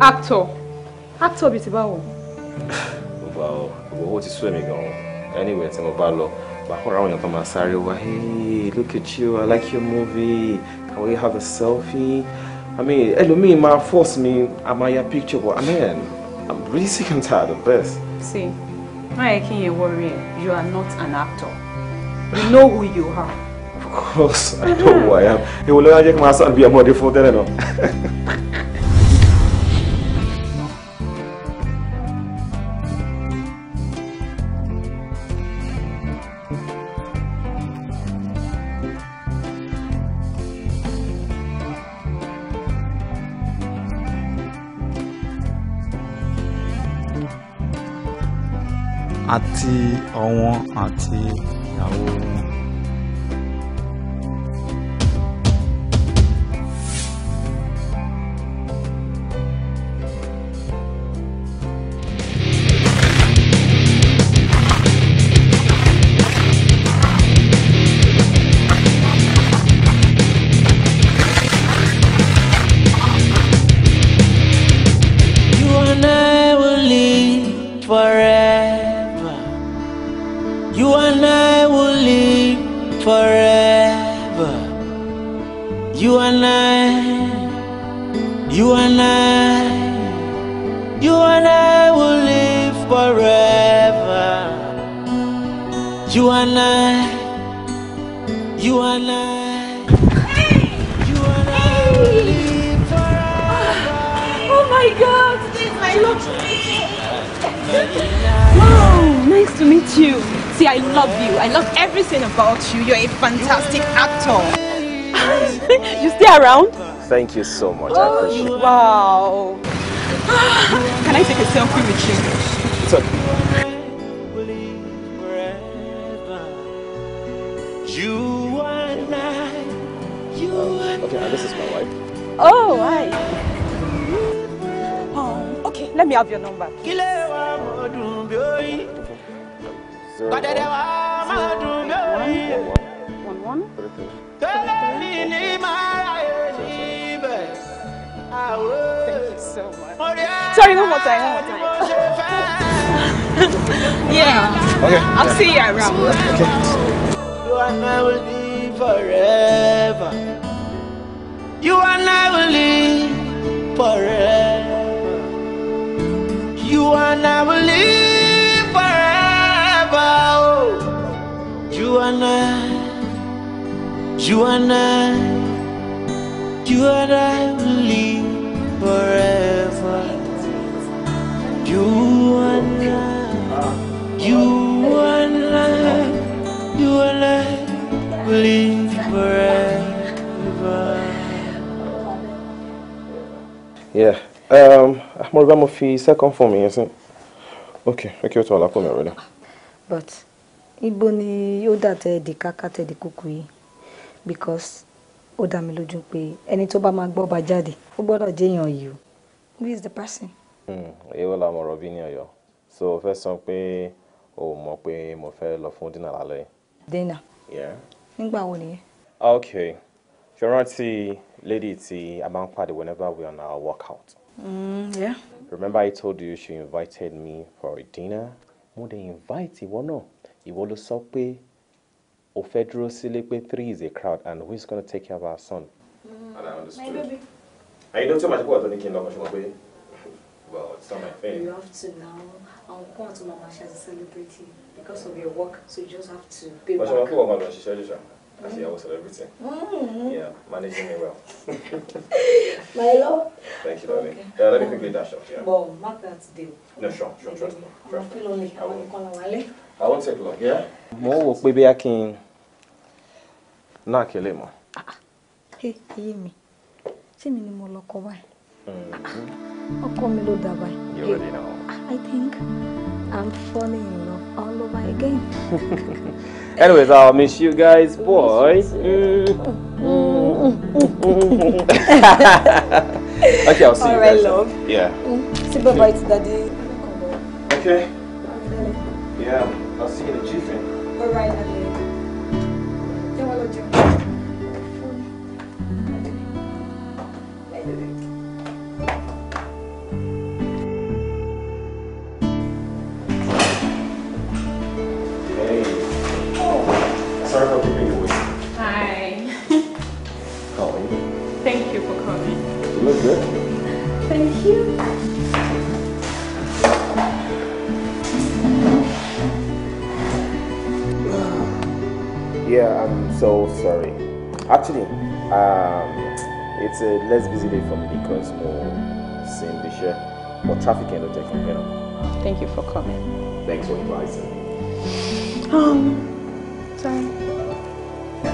actor actor bíi ti báwo. mo ba ọ owó ti sú èmi gan-an anywhere tí mo bá lọ bàkúrà àwọn èèyàn kan máa sáré wá hey look at you i like your movie can we have a selfie i mean ẹlòmíì ma force me amaya picture but i mean i'm really sick and tired of this. see má yẹ you worry you are not an actor you know who you are. of course i know who i am ewu lọ́yà jẹ́ kí n máa sàn bí ọmọdé fún tẹ́lẹ̀ náà. ọ̀wọ́n àti ìyàwó wọn. Thank you so much. Oh, I appreciate it. Wow. Can I take a selfie with you? It's okay. You and I, you and okay, now this is my wife. Oh, hi. Oh, okay, let me have your number. Please. Sorry, one more time, one more time. yeah. Okay. I'll see you around. Okay. You and I will live forever. You and I will live forever. You and I will live forever. You and I. You and I. You and I. mo um, rí bá mo fi second form yẹn sí ok ẹ kí o tún ọ̀làkùn mi rẹ̀ dá. but ibo ni yóò dà tẹ́ di káká tẹ́ di kúkú yìí because ó dá mi lójú pé ẹni tó bá máa gbọ́ ọba jáde ó gbọ́dọ̀ jẹ́yàn yìí o who is the person. Hmm, èèwọ̀ làwọn ọ̀rọ̀ bí ní ọ̀yọ́ so o fẹ́ sọ pé o mọ̀ pé mo fẹ́ lọ fún dínà lálẹ́ yìí. dínà nígbà wo nìyẹn. ok ṣe rántí lady tí a máa ń pàdé whenever we are on our workout. Mm, yeah. Remember I told you she invited me for a dinner? Mo dey invite ìwọ náà. Ìwọ ló sọ pé o fẹ́ dúró sílé pé three is a crowd and who is gonna take care of our son? Mm, and I understood. My baby. And you don't tell my people I don't need kingdom, but pé well, it's not my thing. You have to now. Àwọn kan àti màmá She's a celebrity because of your work so you just have to pay back. Ọ̀ṣun máa kí wọ́n máa lọ ṣiṣẹ́ Actually, I was celebrating. Mm. Yeah, managing me well. My love. Thank you, darling. Okay. Yeah, let me quickly dash off. Yeah. Well, mark that deal. No, sure, sure, trust me. Trust me. I feel lonely. I won't call Wale. I won't take long. Yeah. Mo wò pé bí a kin na kele mo. Ah. Eh, iye mi. Ṣé mi ni mo lọ kọ báyìí. Mm-hmm. Ọkọ mi ló dà báyìí. You already know. I think I'm falling in love all over again. Anyways, I'll miss you guys, boys. okay, I'll see All you right, guys. love. Yeah. Mm-hmm. Say bye bye to daddy. Okay. Yeah, I'll see you in a jiffy. All right, daddy. Don't actually, um, it's a less busy day for me because more same bishẹ more traffic and the jẹ kí of pẹ́ Thank you for coming. Thanks for inviting Um, sorry.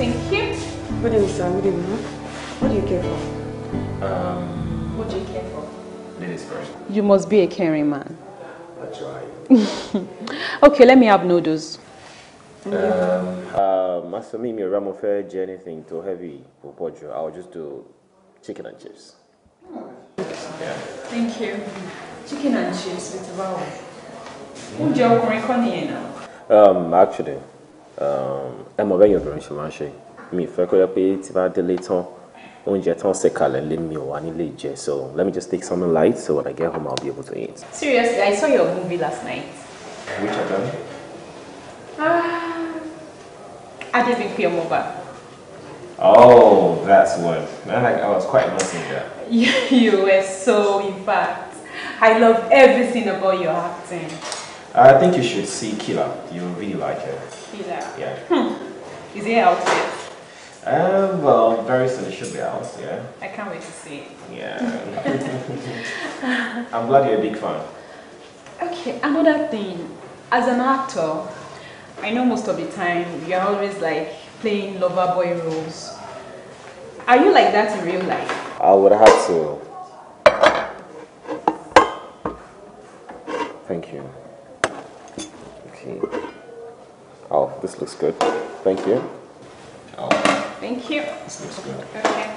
Thank you. Good evening, sir. Good evening. What do you care for? Um, what do you care for? Ladies first. You must be a caring man. I try. okay, let me have noodles. Um, Masomimi um, ramen did anything too heavy for Pojo. I'll just do chicken and chips. Yeah. Thank you. Chicken and chips with wow. Oúnjẹ ọkùnrin kọ́ nìyẹn náà. Um, actually, um, I'm bẹ́yìn very ṣe máa ń ṣe. Mi ìfẹ́ kó yẹ pé tí bá délé tán, oúnjẹ tán So let me just take something light so when I get home I'll be able to eat. Seriously, I saw your movie last night. Which one? Ah. I didn't feel mobile. Oh, that's what. I, I was quite missing that. You, you were so, in fact. I love everything about your acting. I think you should see Killa. You'll really like it. Killa. Yeah. Hmm. Is it out yet? Um, well, very soon it should be out, yeah. I can't wait to see it. Yeah. I'm glad you're a big fan. Okay, another thing. As an actor, I know most of the time you're always like playing lover boy roles. Are you like that in real life? I would have to. Thank you. Okay. Oh, this looks good. Thank you. Oh. Thank you. This looks good. Okay.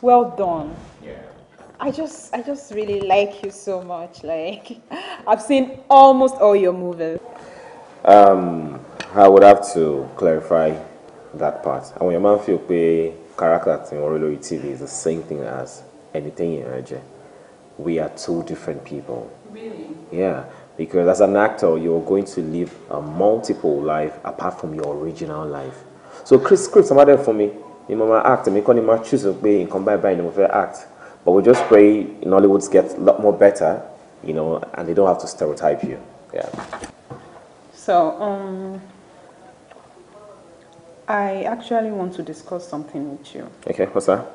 Well done. Yeah. I just I just really like you so much. Like I've seen almost all your movies. Um, I would have to clarify that part. Àwọn èèyàn máa ń fi pé character tí wọ́n rí lórí TV is the same thing as anything in Nigeria. We are two different people. Really? Yeah, because as an actor, you're going to live a multiple life apart from your original life. So Chris script other for me, ni mo máa act, mi kọ́ ni máa choose pé nǹkan báyìí báyìí ni mo fẹ́ act. But we just pray Nollywood get a lot more better, you know, and they don't have to stereotype you. Yeah. So, um, I actually want to discuss something with you. Okay, what's that?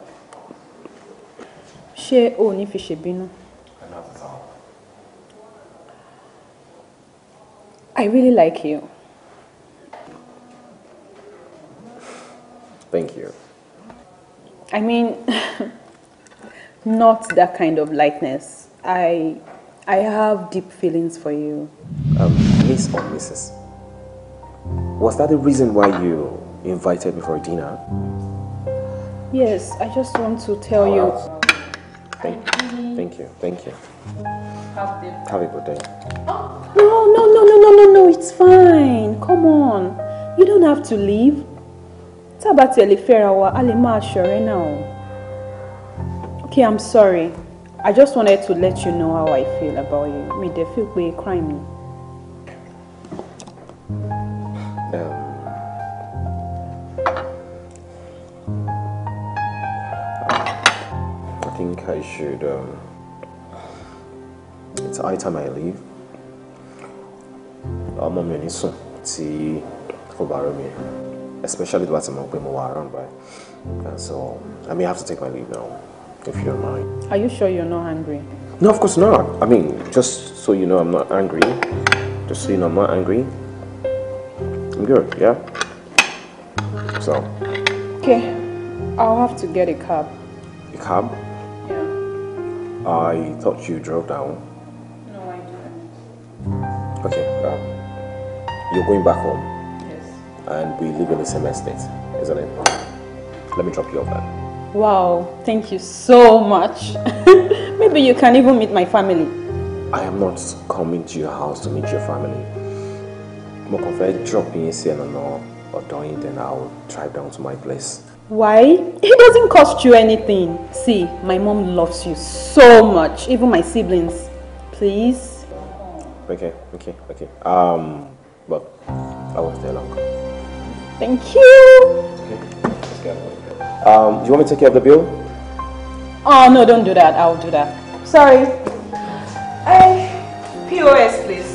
She o ní fi bino. I really like you. Thank you. I mean, not that kind of likeness. I, I have deep feelings for you. Um. case on Mrs. Was that the reason why you invited me for dinner? Yes, I just want to tell you. Thank, thank you, thank you. Have, a good day. Oh, no, no, no, no, no, no, no, it's fine. Come on. You don't have to leave. Tabati Eliferawa Alima Ashore now. Okay, I'm sorry. I just wanted to let you know how I feel about you. Me, they feel crime. Um, I think I should. Um, it's high time I leave. ọmọ mi ò ní sùn for kò bá especially bá ti mọ̀ pé mo wà around by and so I may have to take my leave now if you don't mind. Are you sure you're not angry? No, of course not. I mean, just so you know, I'm not angry. Just so you know, I'm not angry. I'm good, yeah? So. Okay, I'll have to get a cab. A cab? Yeah. I thought you drove down. No, I didn't. Okay, um, you're going back home. Yes. And we live in the same estate, isn't it? Let me drop you off then. Wow, thank you so much. Maybe you can even meet my family. I am not coming to your house to meet your family mo kàn fẹ́ drop yín sí ẹ̀nàna ọ̀dọ̀ yín then I will drive down to my place. Why? It doesn't cost you anything. See, my mom loves you so much, even my siblings. Please. Okay, okay, okay. Um, but I will stay long. Thank you. Okay. Um, do you want me to take care of the bill? Oh, no, don't do that. I'll do that. Sorry. Hey, POS, please.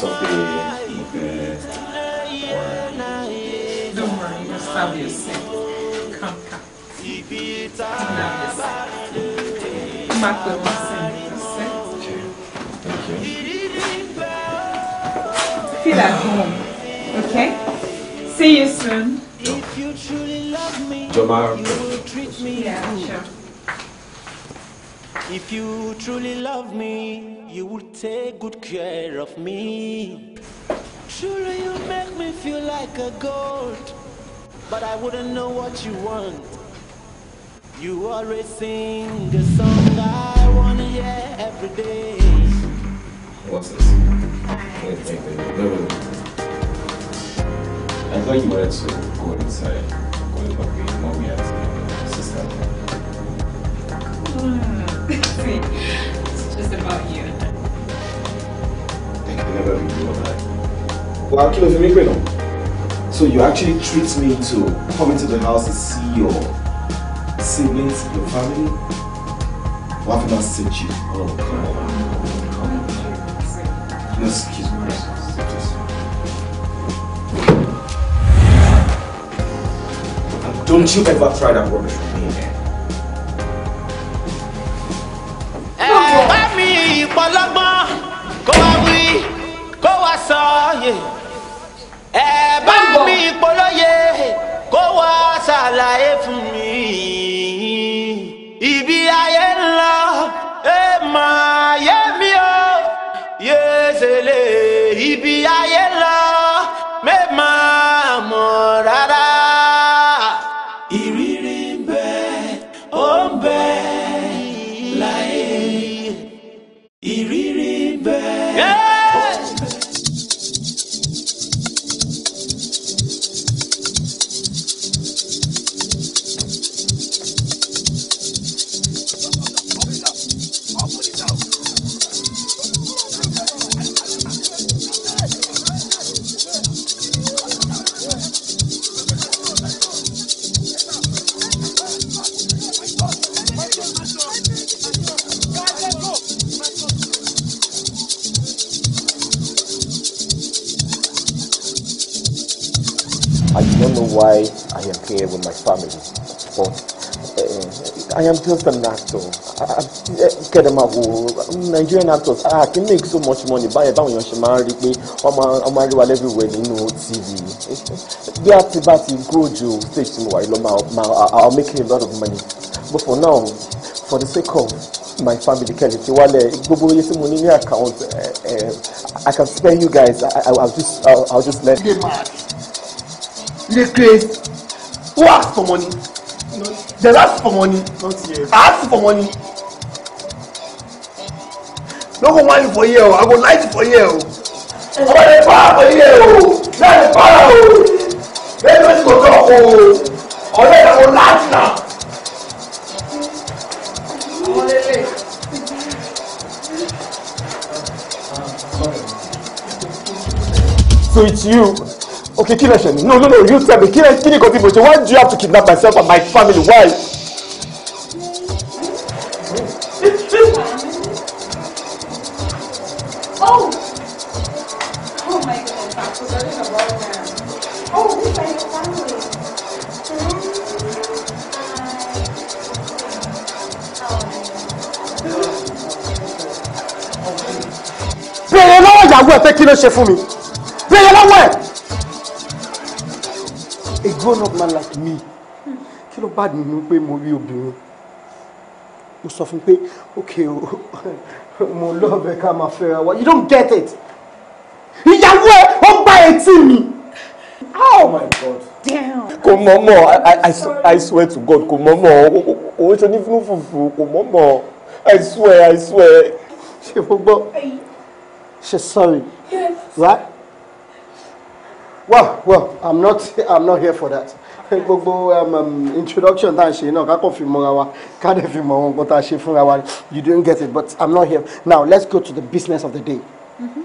Okay. Don't worry, you stop Come, come. Come Okay. Thank you. Feel at home. Okay? See you soon. If you truly love me, Tomorrow. you will treat me yeah, sure. If you truly love me, you will take good care of me. Truly, you make me feel like a gold, but I wouldn't know what you want. You always sing a song I wanna hear every day. What's this? Wait, wait, wait, wait, wait. I thought you wanted to go inside, go to the mommy and sister. Hmm me. It's just about you. I can never be your like. Well, actually, for me, Bruno. So you actually treat me to come into the house to see your siblings, your family? Why have I not seen you? Oh, come on. Come on. No, excuse me. Don't you ever try that rubbish. ìpọlọgbọn kó wá wí kó wá sọ yè ẹ bá mi ìpolóye kó wá ṣàlàyé fún mi. why I am here with my family. But uh, I am just an actor. Kedemawo, eh, Nigerian actors, ah, can make so much money. Buy a èèyàn ṣe máa ń married. pé wọ́n máa rí everywhere nínú TV. Bí a ti bá ti grow ju stage tí mo wà I'll make a lot of money. But for now, for the sake of my family kẹ́lẹ̀ ti you gbogbo iye tí mo ní account eh, I can spare you guys I, I, I'll just I'll, I'll just let dey craze who ask for money No. dem ask for money i ask for money no go whine for here o i go light for here o ọmọ dey para for here o na dey para o make no go talk o ọ̀rẹ́ ẹ̀ go light na. So it's you okay kí lẹ ṣe mi no no no you tell me kí lẹ kí ni kò tí why do you have to kidnap myself and my family why. oh oh my goodness i'm forgetting about that oh this is my family. bẹ̀rẹ̀ lọ́wọ́ ìyàwó ẹ̀ pé kí ló ṣe fún mi. grown up man like me kí ló bá mi ní pé mo rí obìnrin mo sọ fún pé ok o mo love ẹ ká máa fẹ́ra wa you don't get it ìyàwó ẹ ó gba etí mi. oh my god. kò mọ̀ mọ̀ i swear to god kò mọ̀ mọ̀ owó tó ní fún fùfú kò mọ̀ mọ̀ i swear i swear. ṣe mo gbọ́ ṣe sorry right well well i'm not i'm not here for that gbogbo um, um, introduction tá à ń ṣe náà kákan fi mọ́ra wa ká dẹ̀ fi mọ ohun kan tá a ṣe fúnra wa you don't get it but i'm not here now let's go to the business of the day mm-hmm.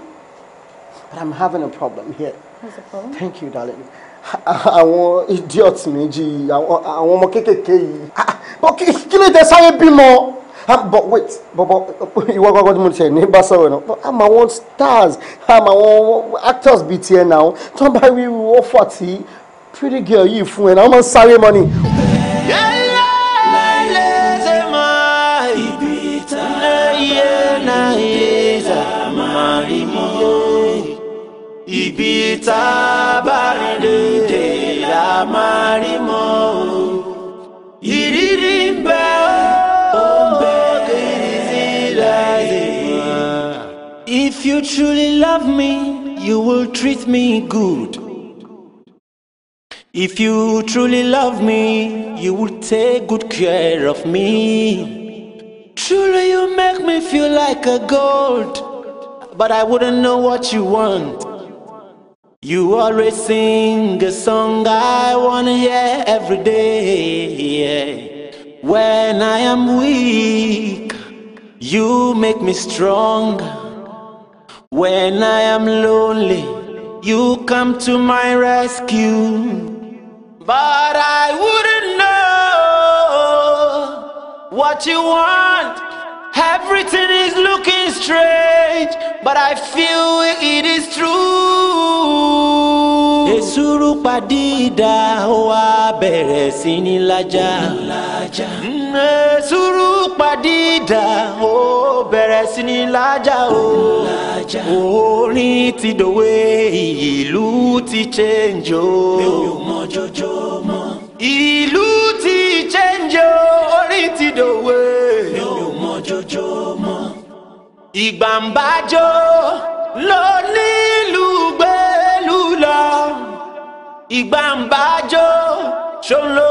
but i'm having a problem here What's the problem? thank you darling àwọn idiot méjì àwọn ọmọ kéékèèké yìí kí ló dé sáyé bímọ. Ah, but wait but but ìwọ gbọ́dọ̀ tí mo ṣe ní bá sọ̀rọ̀ náà àmọ́ àwọn stars àmọ́ àwọn actors bíi tiẹ̀ náà tó ń bá rí ọ̀fà tí pretty girl yìí fún ẹ náà wọ́n sáré mọ́ ni. ibi tá a bá rí dédé la máa rí mọ́ o. If you truly love me, you will treat me good. If you truly love me, you will take good care of me. Truly, you make me feel like a gold, but I wouldn't know what you want. You always sing a song I wanna hear every day. When I am weak, you make me strong. When I am lonely, you come to my rescue. But I wouldn't know what you want. Everything is looking strange, but I feel it is true. Èsúrú ó náà sùúrù padìdà ó bẹ̀rẹ̀ sí ni lájà o orin ti dòwe ìlú ti change o. mi ò ìlú ti change o orin ti dòwe. mi ò mọ jọjọ nílùú gbẹ́lú lọ ìgbà ń bájọ́ ṣòro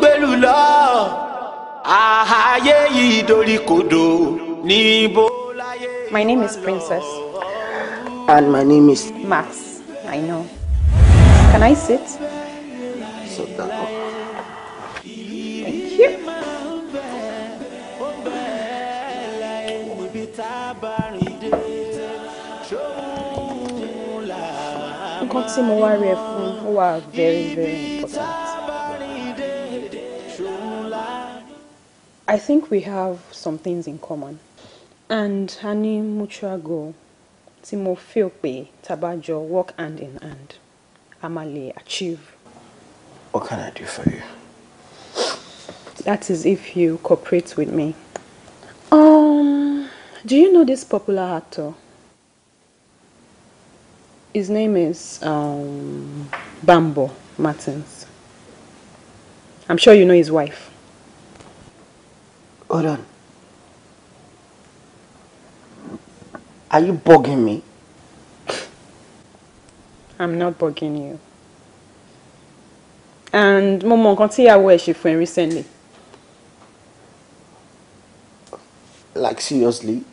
gbẹ́lú lọ. My name is Princess. And my name is. Max, I know. Can I sit? So that. Thank you. I'm going to wá rí ẹ fún ó very very important. I think we have some things in common. And Hani ní mutual goal Tabajo, work hand in hand amali achieve. What can I do for you? That is if you cooperate with me. Um, do you know this popular actor? His name is um, Bambo Martins. I'm sure you know his wife. Hold on. Are you bugging me? I'm not bugging you. And mo mọ nǹkan tí ìyàwó ẹ̀ recently. Like seriously?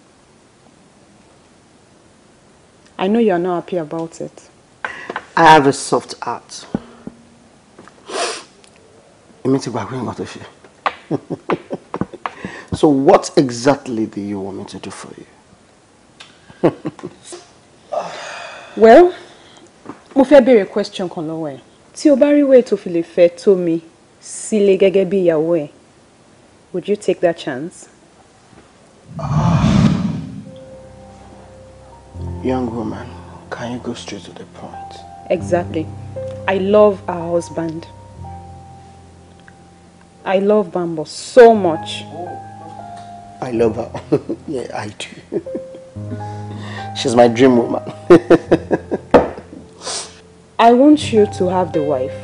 I know you're not happy about it. I have a soft heart. Èmi ti gbàgbé nǹkan tó ṣe. So what exactly do you want me to do for you? well, mo fẹ́ béèrè question kan lọ́wọ́ ẹ̀. Tí o bá rí way to fi lè fẹ́ tó mi sílé gẹ́gẹ́ bí ìyàwó ẹ̀, would you take that chance? Ah. Young woman, can you go straight to the point? Exactly. I love our husband. I love Bambo so much. Oh. I love her. yeah, I do. She's my dream woman. I want you to have the wife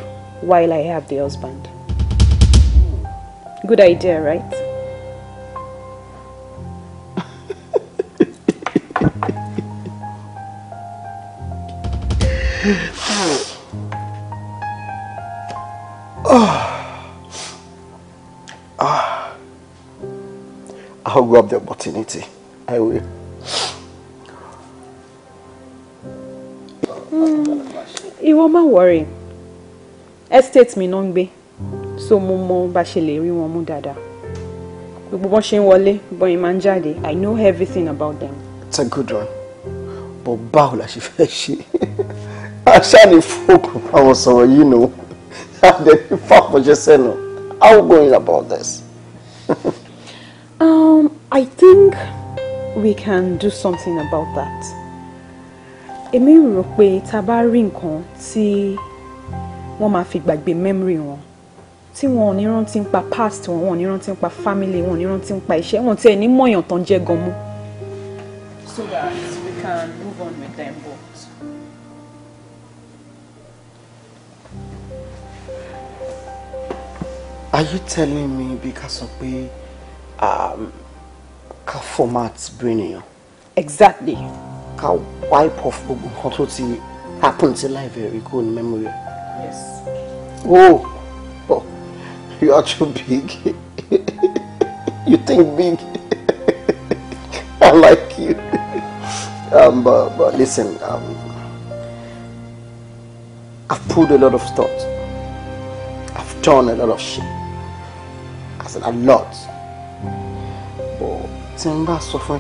while I have the husband. Good idea, right? I'll grab the opportunity. I will. Hmm, ìwọ má worry. Estate mi náà ń So mo mọ bá ṣe lè rí wọn mú dáadáa. Gbogbo bọ́n ṣe ń wọlé, bọ́n yìí máa I know everything about them. It's a good one. But báwo la ṣe fẹ́ ṣe? Àṣà ni fóògùn àwọn sọ̀rọ̀ yìí nù. just fàpọ̀jẹsẹ̀ no. How going about this? I think we can do something about that. Emi rò pé tá a bá rí nǹkan tí wọ́n máa fi gbàgbé memory wọn tí wọn ò ní rántí ń past wọn wọn ò ní rántí ń family wọn ò ní rántí ń pa iṣẹ́ wọn tí ẹ̀ ní mọ̀yàn tán jẹ́ gan mú. So that we can move on with them both. Are you telling me because of pé. Um, ká format brain èèyàn. exactly. ká wipe off gbogbo nǹkan tó ti happen to life Very good memory. yes. oh oh you are too big you think big I like you um, but, but listen um, I've pulled a lot of thought I've done a lot of shit. I said a lot. But tí suffering bá sọ fún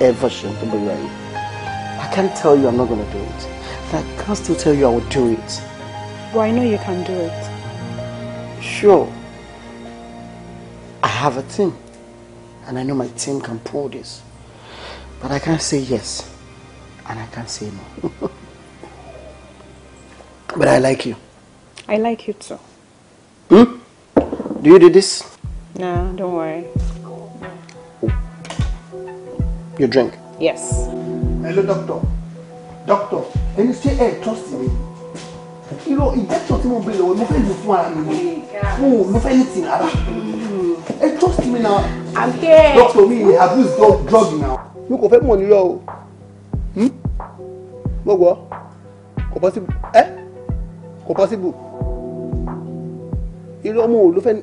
ẹ pé I can't tell you I'm not gonna do it but I can still tell you I will do it. Well, I know you can do it. Sure. I have a team and I know my team can pull this but I can't say yes and I can't say no. But I like you. I like you too. Hmm? Do you do this? No, don't worry. you drink. Yes. Hello, doctor. Doctor, you say, ẹ trust me? You know, tí mo ń bèèrè wọ, mo fẹ́ lò fún ara you. ni. Mo mo fẹ́ trust me now. I'm here. Doctor me ni abuse drug drug now. You kò fẹ́ mọ̀ nírọ̀ Hmm. Mo gbọ́, kò Eh? Ẹ You know more. mo ò ló fẹ́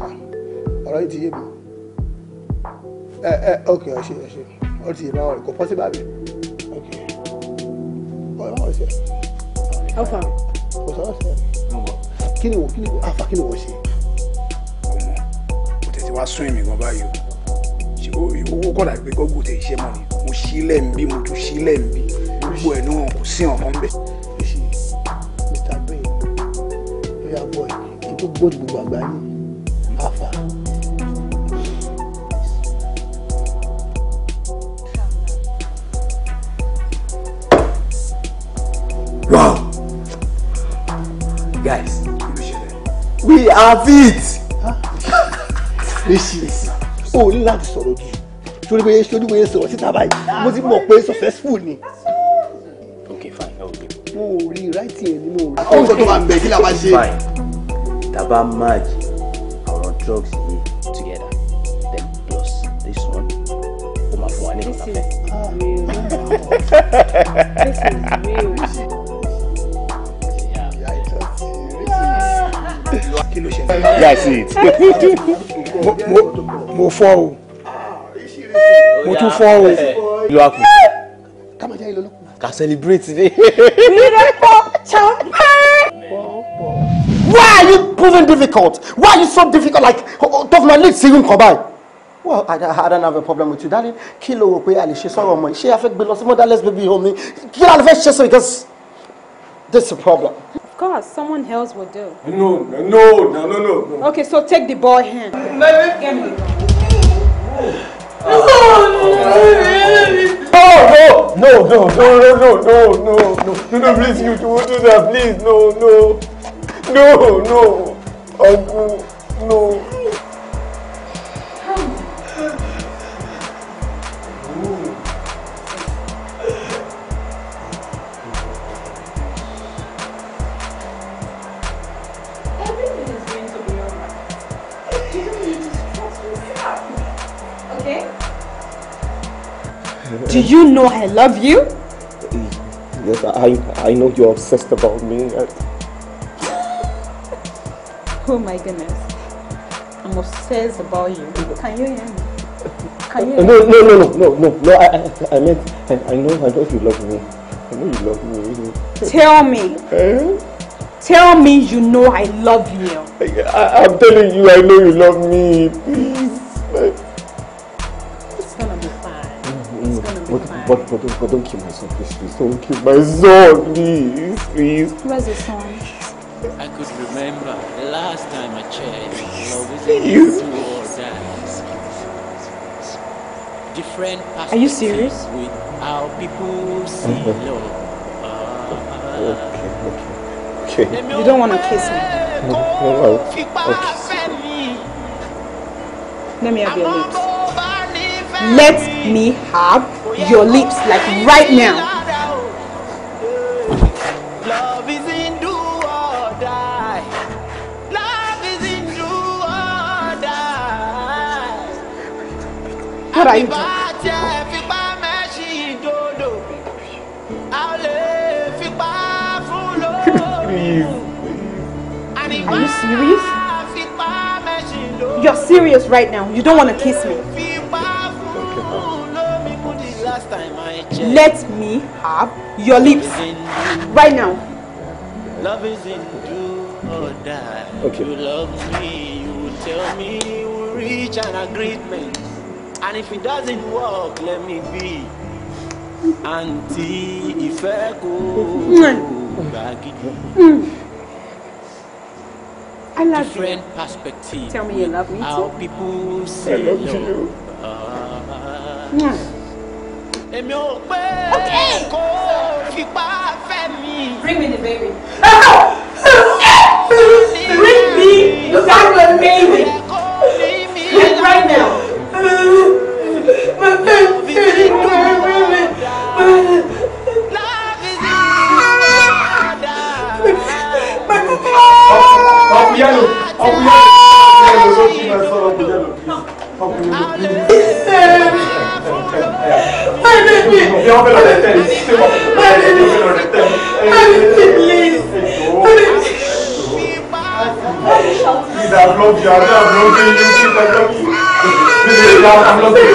ah, you. Eh, eh. Okay, yé mi. Ẹ ẹ ọ ti ma ọ̀rẹ́ kò pọ́ sí bàbí ok ọ̀rẹ́ wọn ṣe. afa. kò sọ̀rọ̀ sẹ́ẹ̀ kí ni wọ́n kí ni wọ́n afa kí ni wọ́n ṣe. ọmọ kò tẹ̀sí wá sún èmi gan báyìí o owó kọ́dà pé gọ́gùn tẹ̀ iṣẹ́ mọ́ ni mo ṣí lẹ́ǹbí mo tún ṣí lẹ́ǹbí gbogbo ẹ̀ ní wọn kò sí ọ̀kan bẹ́ẹ̀. mr bray ló yà bọ̀ ẹ̀ kí tó gbọ́dọ̀ gbogbo àgbáyé we have it. o ní láti sọ̀rọ̀ jù torí pé ṣojú pé sọ̀rọ̀ síta báyìí mo ti mọ̀ pé successful ni. okay fine ẹ ò dé. mo ò rí ráìtì ẹ nínú òru. àwọn nǹkan tó máa ń bẹ kí la máa ṣe. fine taba match àwọn drugs yìí together then plus this one ó máa fún wa ní ìgbà fẹ́. this is real. yeah, see it. mo mo mo fọ́ o mo tún fọ́ o. ìlú àkùn. ká ìlú olókùn. ká celebrate today. ìrẹ́ pọ̀ champagne. why are you proving difficult why are you so difficult like government oh, oh, see sigun come by. Well, I, I don't have a problem with you, darling. Kí ló wò pé a lè ṣe sọ̀rọ̀ ọmọ yìí? Ṣé a gbé lọ sí motherless baby home ni? Kí ló a lè fẹ́ ṣe so because this is a problem course, someone else will do. No, no, no, no, no, no. Okay, so take the boy hand. Oh, no, no, no, no, no, no, no, no, no, no, no, no, no, no, no, please, you don't do that, please, no, no, no, no, no, no. Do you know I love you? Yes, I, I know you're obsessed about me. oh my goodness. I'm obsessed about you. Can you hear me? Can you hear no, me? no, no, no, no, no, no. I, I, I meant, I, I know, I know you love me. I know you love me. Tell me. Eh? Tell me you know I love you. I, I'm telling you, I know you love me. Please. God, God, don't, God, don't kill my please, please, don't kill my son, please, please. Where's the son? I could remember the last time I checked. Love is please. Do or Are you serious? With how people see mm-hmm. love. Uh, okay, okay, okay. You don't want to kiss me. No, no, I'll, I'll Let me have your lips let me have your lips like right now. What are you doing? are you serious? You're serious right now. You don't want to kiss me. Let me have your lips right now. Love is in do or die. Okay. You love me, you tell me you reach an agreement. And if it doesn't work, let me be. Auntie ìfẹ́ kò mm. gbàgìdì. Mm. I love Different you. perspective. Tell me you love me too. How people say I love, love. Uh, mm. yeah èmi ò pé kó fipá fẹ́ mi. bring me the baby. bring me the fucking baby. right now. my baby. Ọkùnrin yẹn lò, ọkùnrin yẹn lò, ọkùnrin yẹn lò, ọkùnrin yẹn lò, ọkùnrin yẹn lò. ìyá wọn fẹ́ lọ tẹ̀tẹ̀ ní sí wọn bẹ́ẹ̀ ni ìyá wọn fẹ́ lọ tẹ̀tẹ̀ Please, I block you. I'm not blocking you. Please, I block you. Please, I'm blocking you.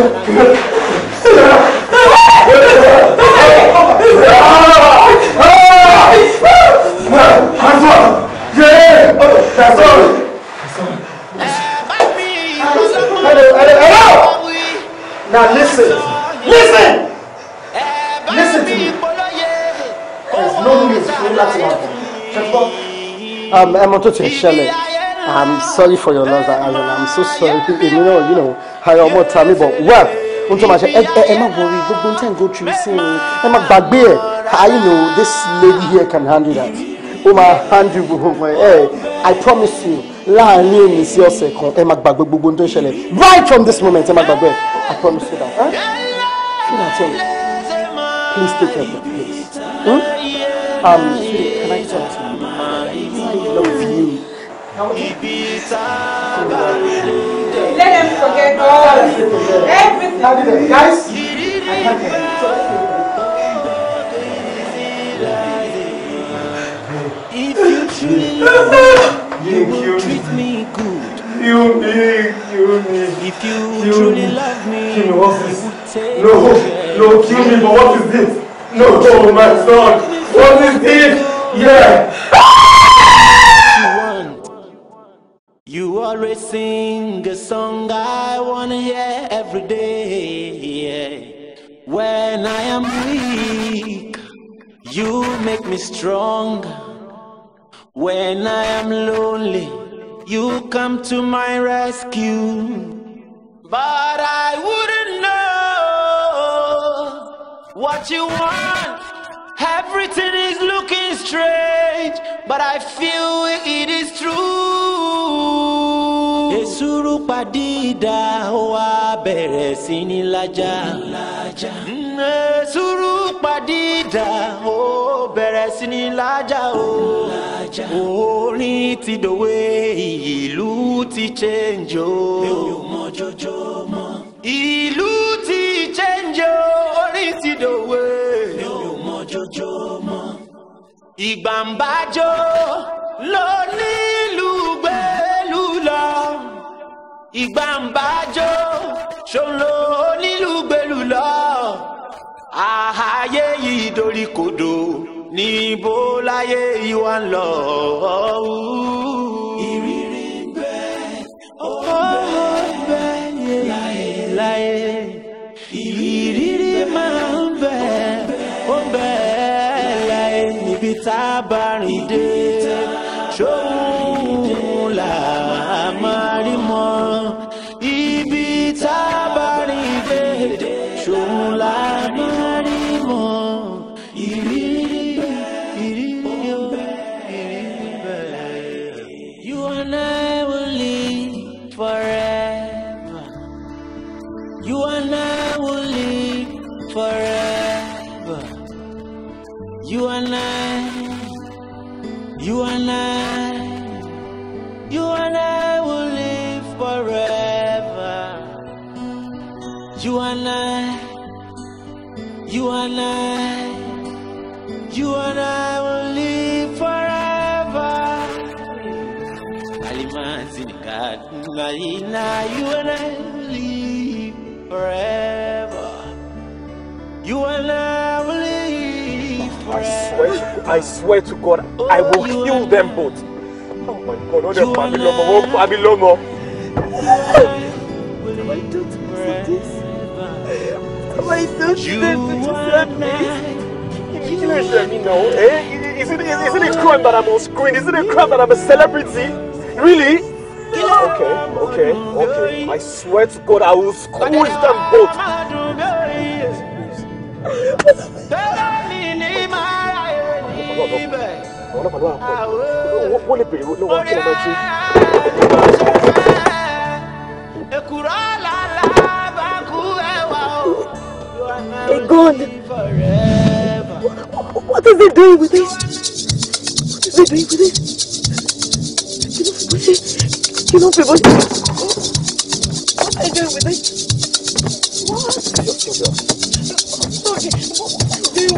I'm blocking you. Thank you. ẹmọ tó ti ṣẹlẹ̀ i'm sorry for your loss and i'm so sorry You know, you know ayọ̀ ọmọ ta me? But well ohun tó máa ṣe ẹ ẹ má wọrí gbogbo ohun tí ẹ go through sí i i know this lady here can handle that ó máa handle gbogbo ẹ ẹ i promise you láàrin èmi sí ọ̀sẹ̀ kan ẹ má gbàgbé gbogbo ohun tó ń ṣẹlẹ̀ right from this moment ẹ má gbàgbé ẹ i promise you that huh? feel at home please take care of your place hmm? um, can i talk to you. Let them forget all everything. Guys, I can't you. If you truly love me, you will treat me good. You me. you me. If you truly love me, you will take No, no, kill me, but what is this? No, my son, what is this? Yeah. You always sing a song I wanna hear every day. When I am weak, you make me strong. When I am lonely, you come to my rescue. But I wouldn't know what you want Everything is looking strange, but I feel it is true. Èsúrú padìdà ó wá bẹ̀rẹ̀ sí ní lájà. Mm, èsúrú padìdà ó bẹ̀rẹ̀ sí ní lájà o. Orin ti dòwe ìlú ti change o. Mi Ìlú ti change o, orin ti dòwe lójoojúmọ́. ìgbà ń bá jó ló nílùú gbẹ́lú lọ. ìgbà ń bá jó ṣòun ló nílùú gbẹ́lú lọ. àhàyè yìí dorí níbo láyé ìwà ń lọ. tá a bá rìn dé ṣòun. You and I, you and I will live forever. Kalimans in the you and I will live forever. You and I will live forever. I swear, I swear to God, I oh, will kill them both. Oh my God, Oh, they're pa mí lọ́mọ, like this you shit. You let me know, eh? Isn't, isn't it crime that I'm on screen? Isn't it crime that I'm a celebrity? Really? Okay, okay, okay. I swear to God, I will squeeze them both. What? Ekura la la a gone. What, what is he doing with this? What are they doing with it? You know, people. You What are you doing with it? What? Sorry. What are you doing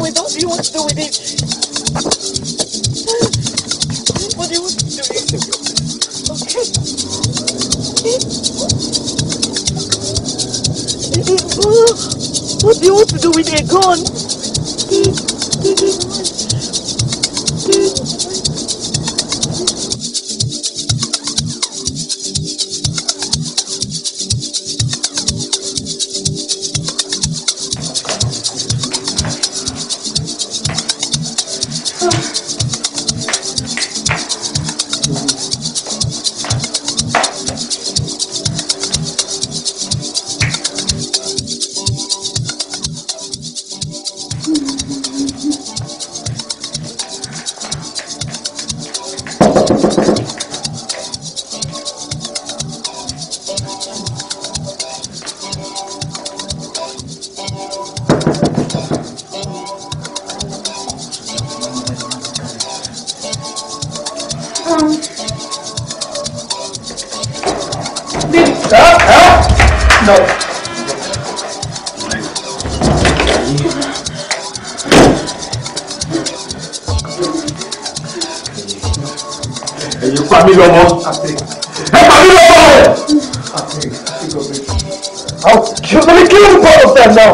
with it? What do you want to do with it? What do you want to do with a gun? them now.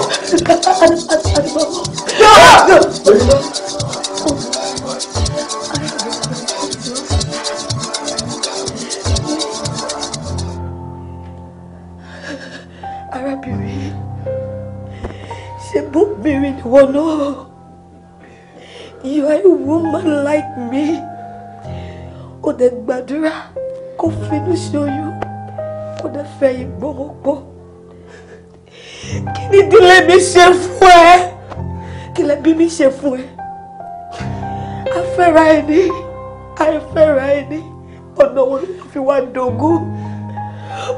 arábìnrin ṣe bóbìnrin ni one. Oh, you are a woman like me Oh, that badura, kó finish ṣoyún ó dẹ̀ fẹ̀yìn gbọ́mọ́pọ́ lèmi ṣe fún ẹ kí lẹbí mi ṣe fún ẹ afẹ́ra ẹni àìfẹ́ra ẹni ọ̀nà wo ló fi wá dògún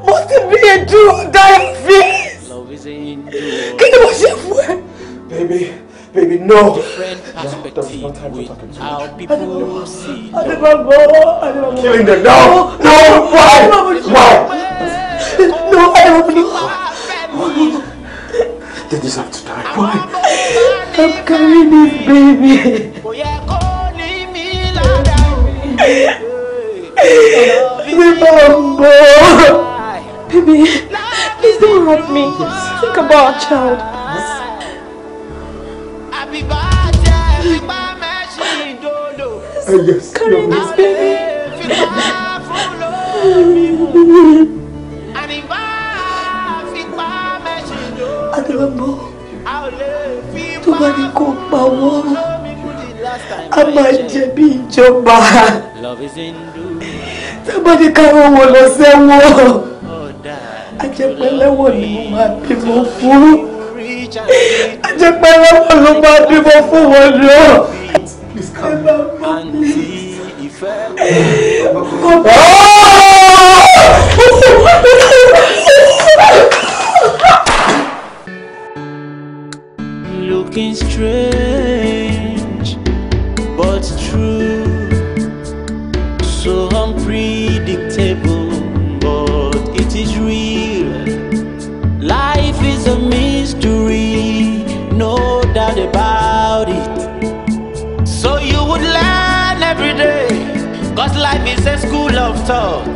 mo ti bí ẹjú ọ̀dà ẹ̀fín kí ni mo ṣe fún ẹ. baby baby no no that's time for talking to me. killing them now. They deserve to die. Why? I'm carrying this baby. Riba Baby, please don't hurt me. Yes. Think about our child. Yes. yes. Carrying no. this baby. bàbá tó bá ní kó pawọ́ a máa jẹ bí ìjọba tó bá ní káwọn wọn lọ sẹ́wọ̀n ajẹpẹlẹwọ ni mo máa bímọ fún ajẹpẹlẹwọ ló máa bímọ fún wọn lọ. Please looking strange, but true. So unpredictable, but it is real. Life is a mystery, no doubt about it. So you would learn every day, cause life is a school of thought.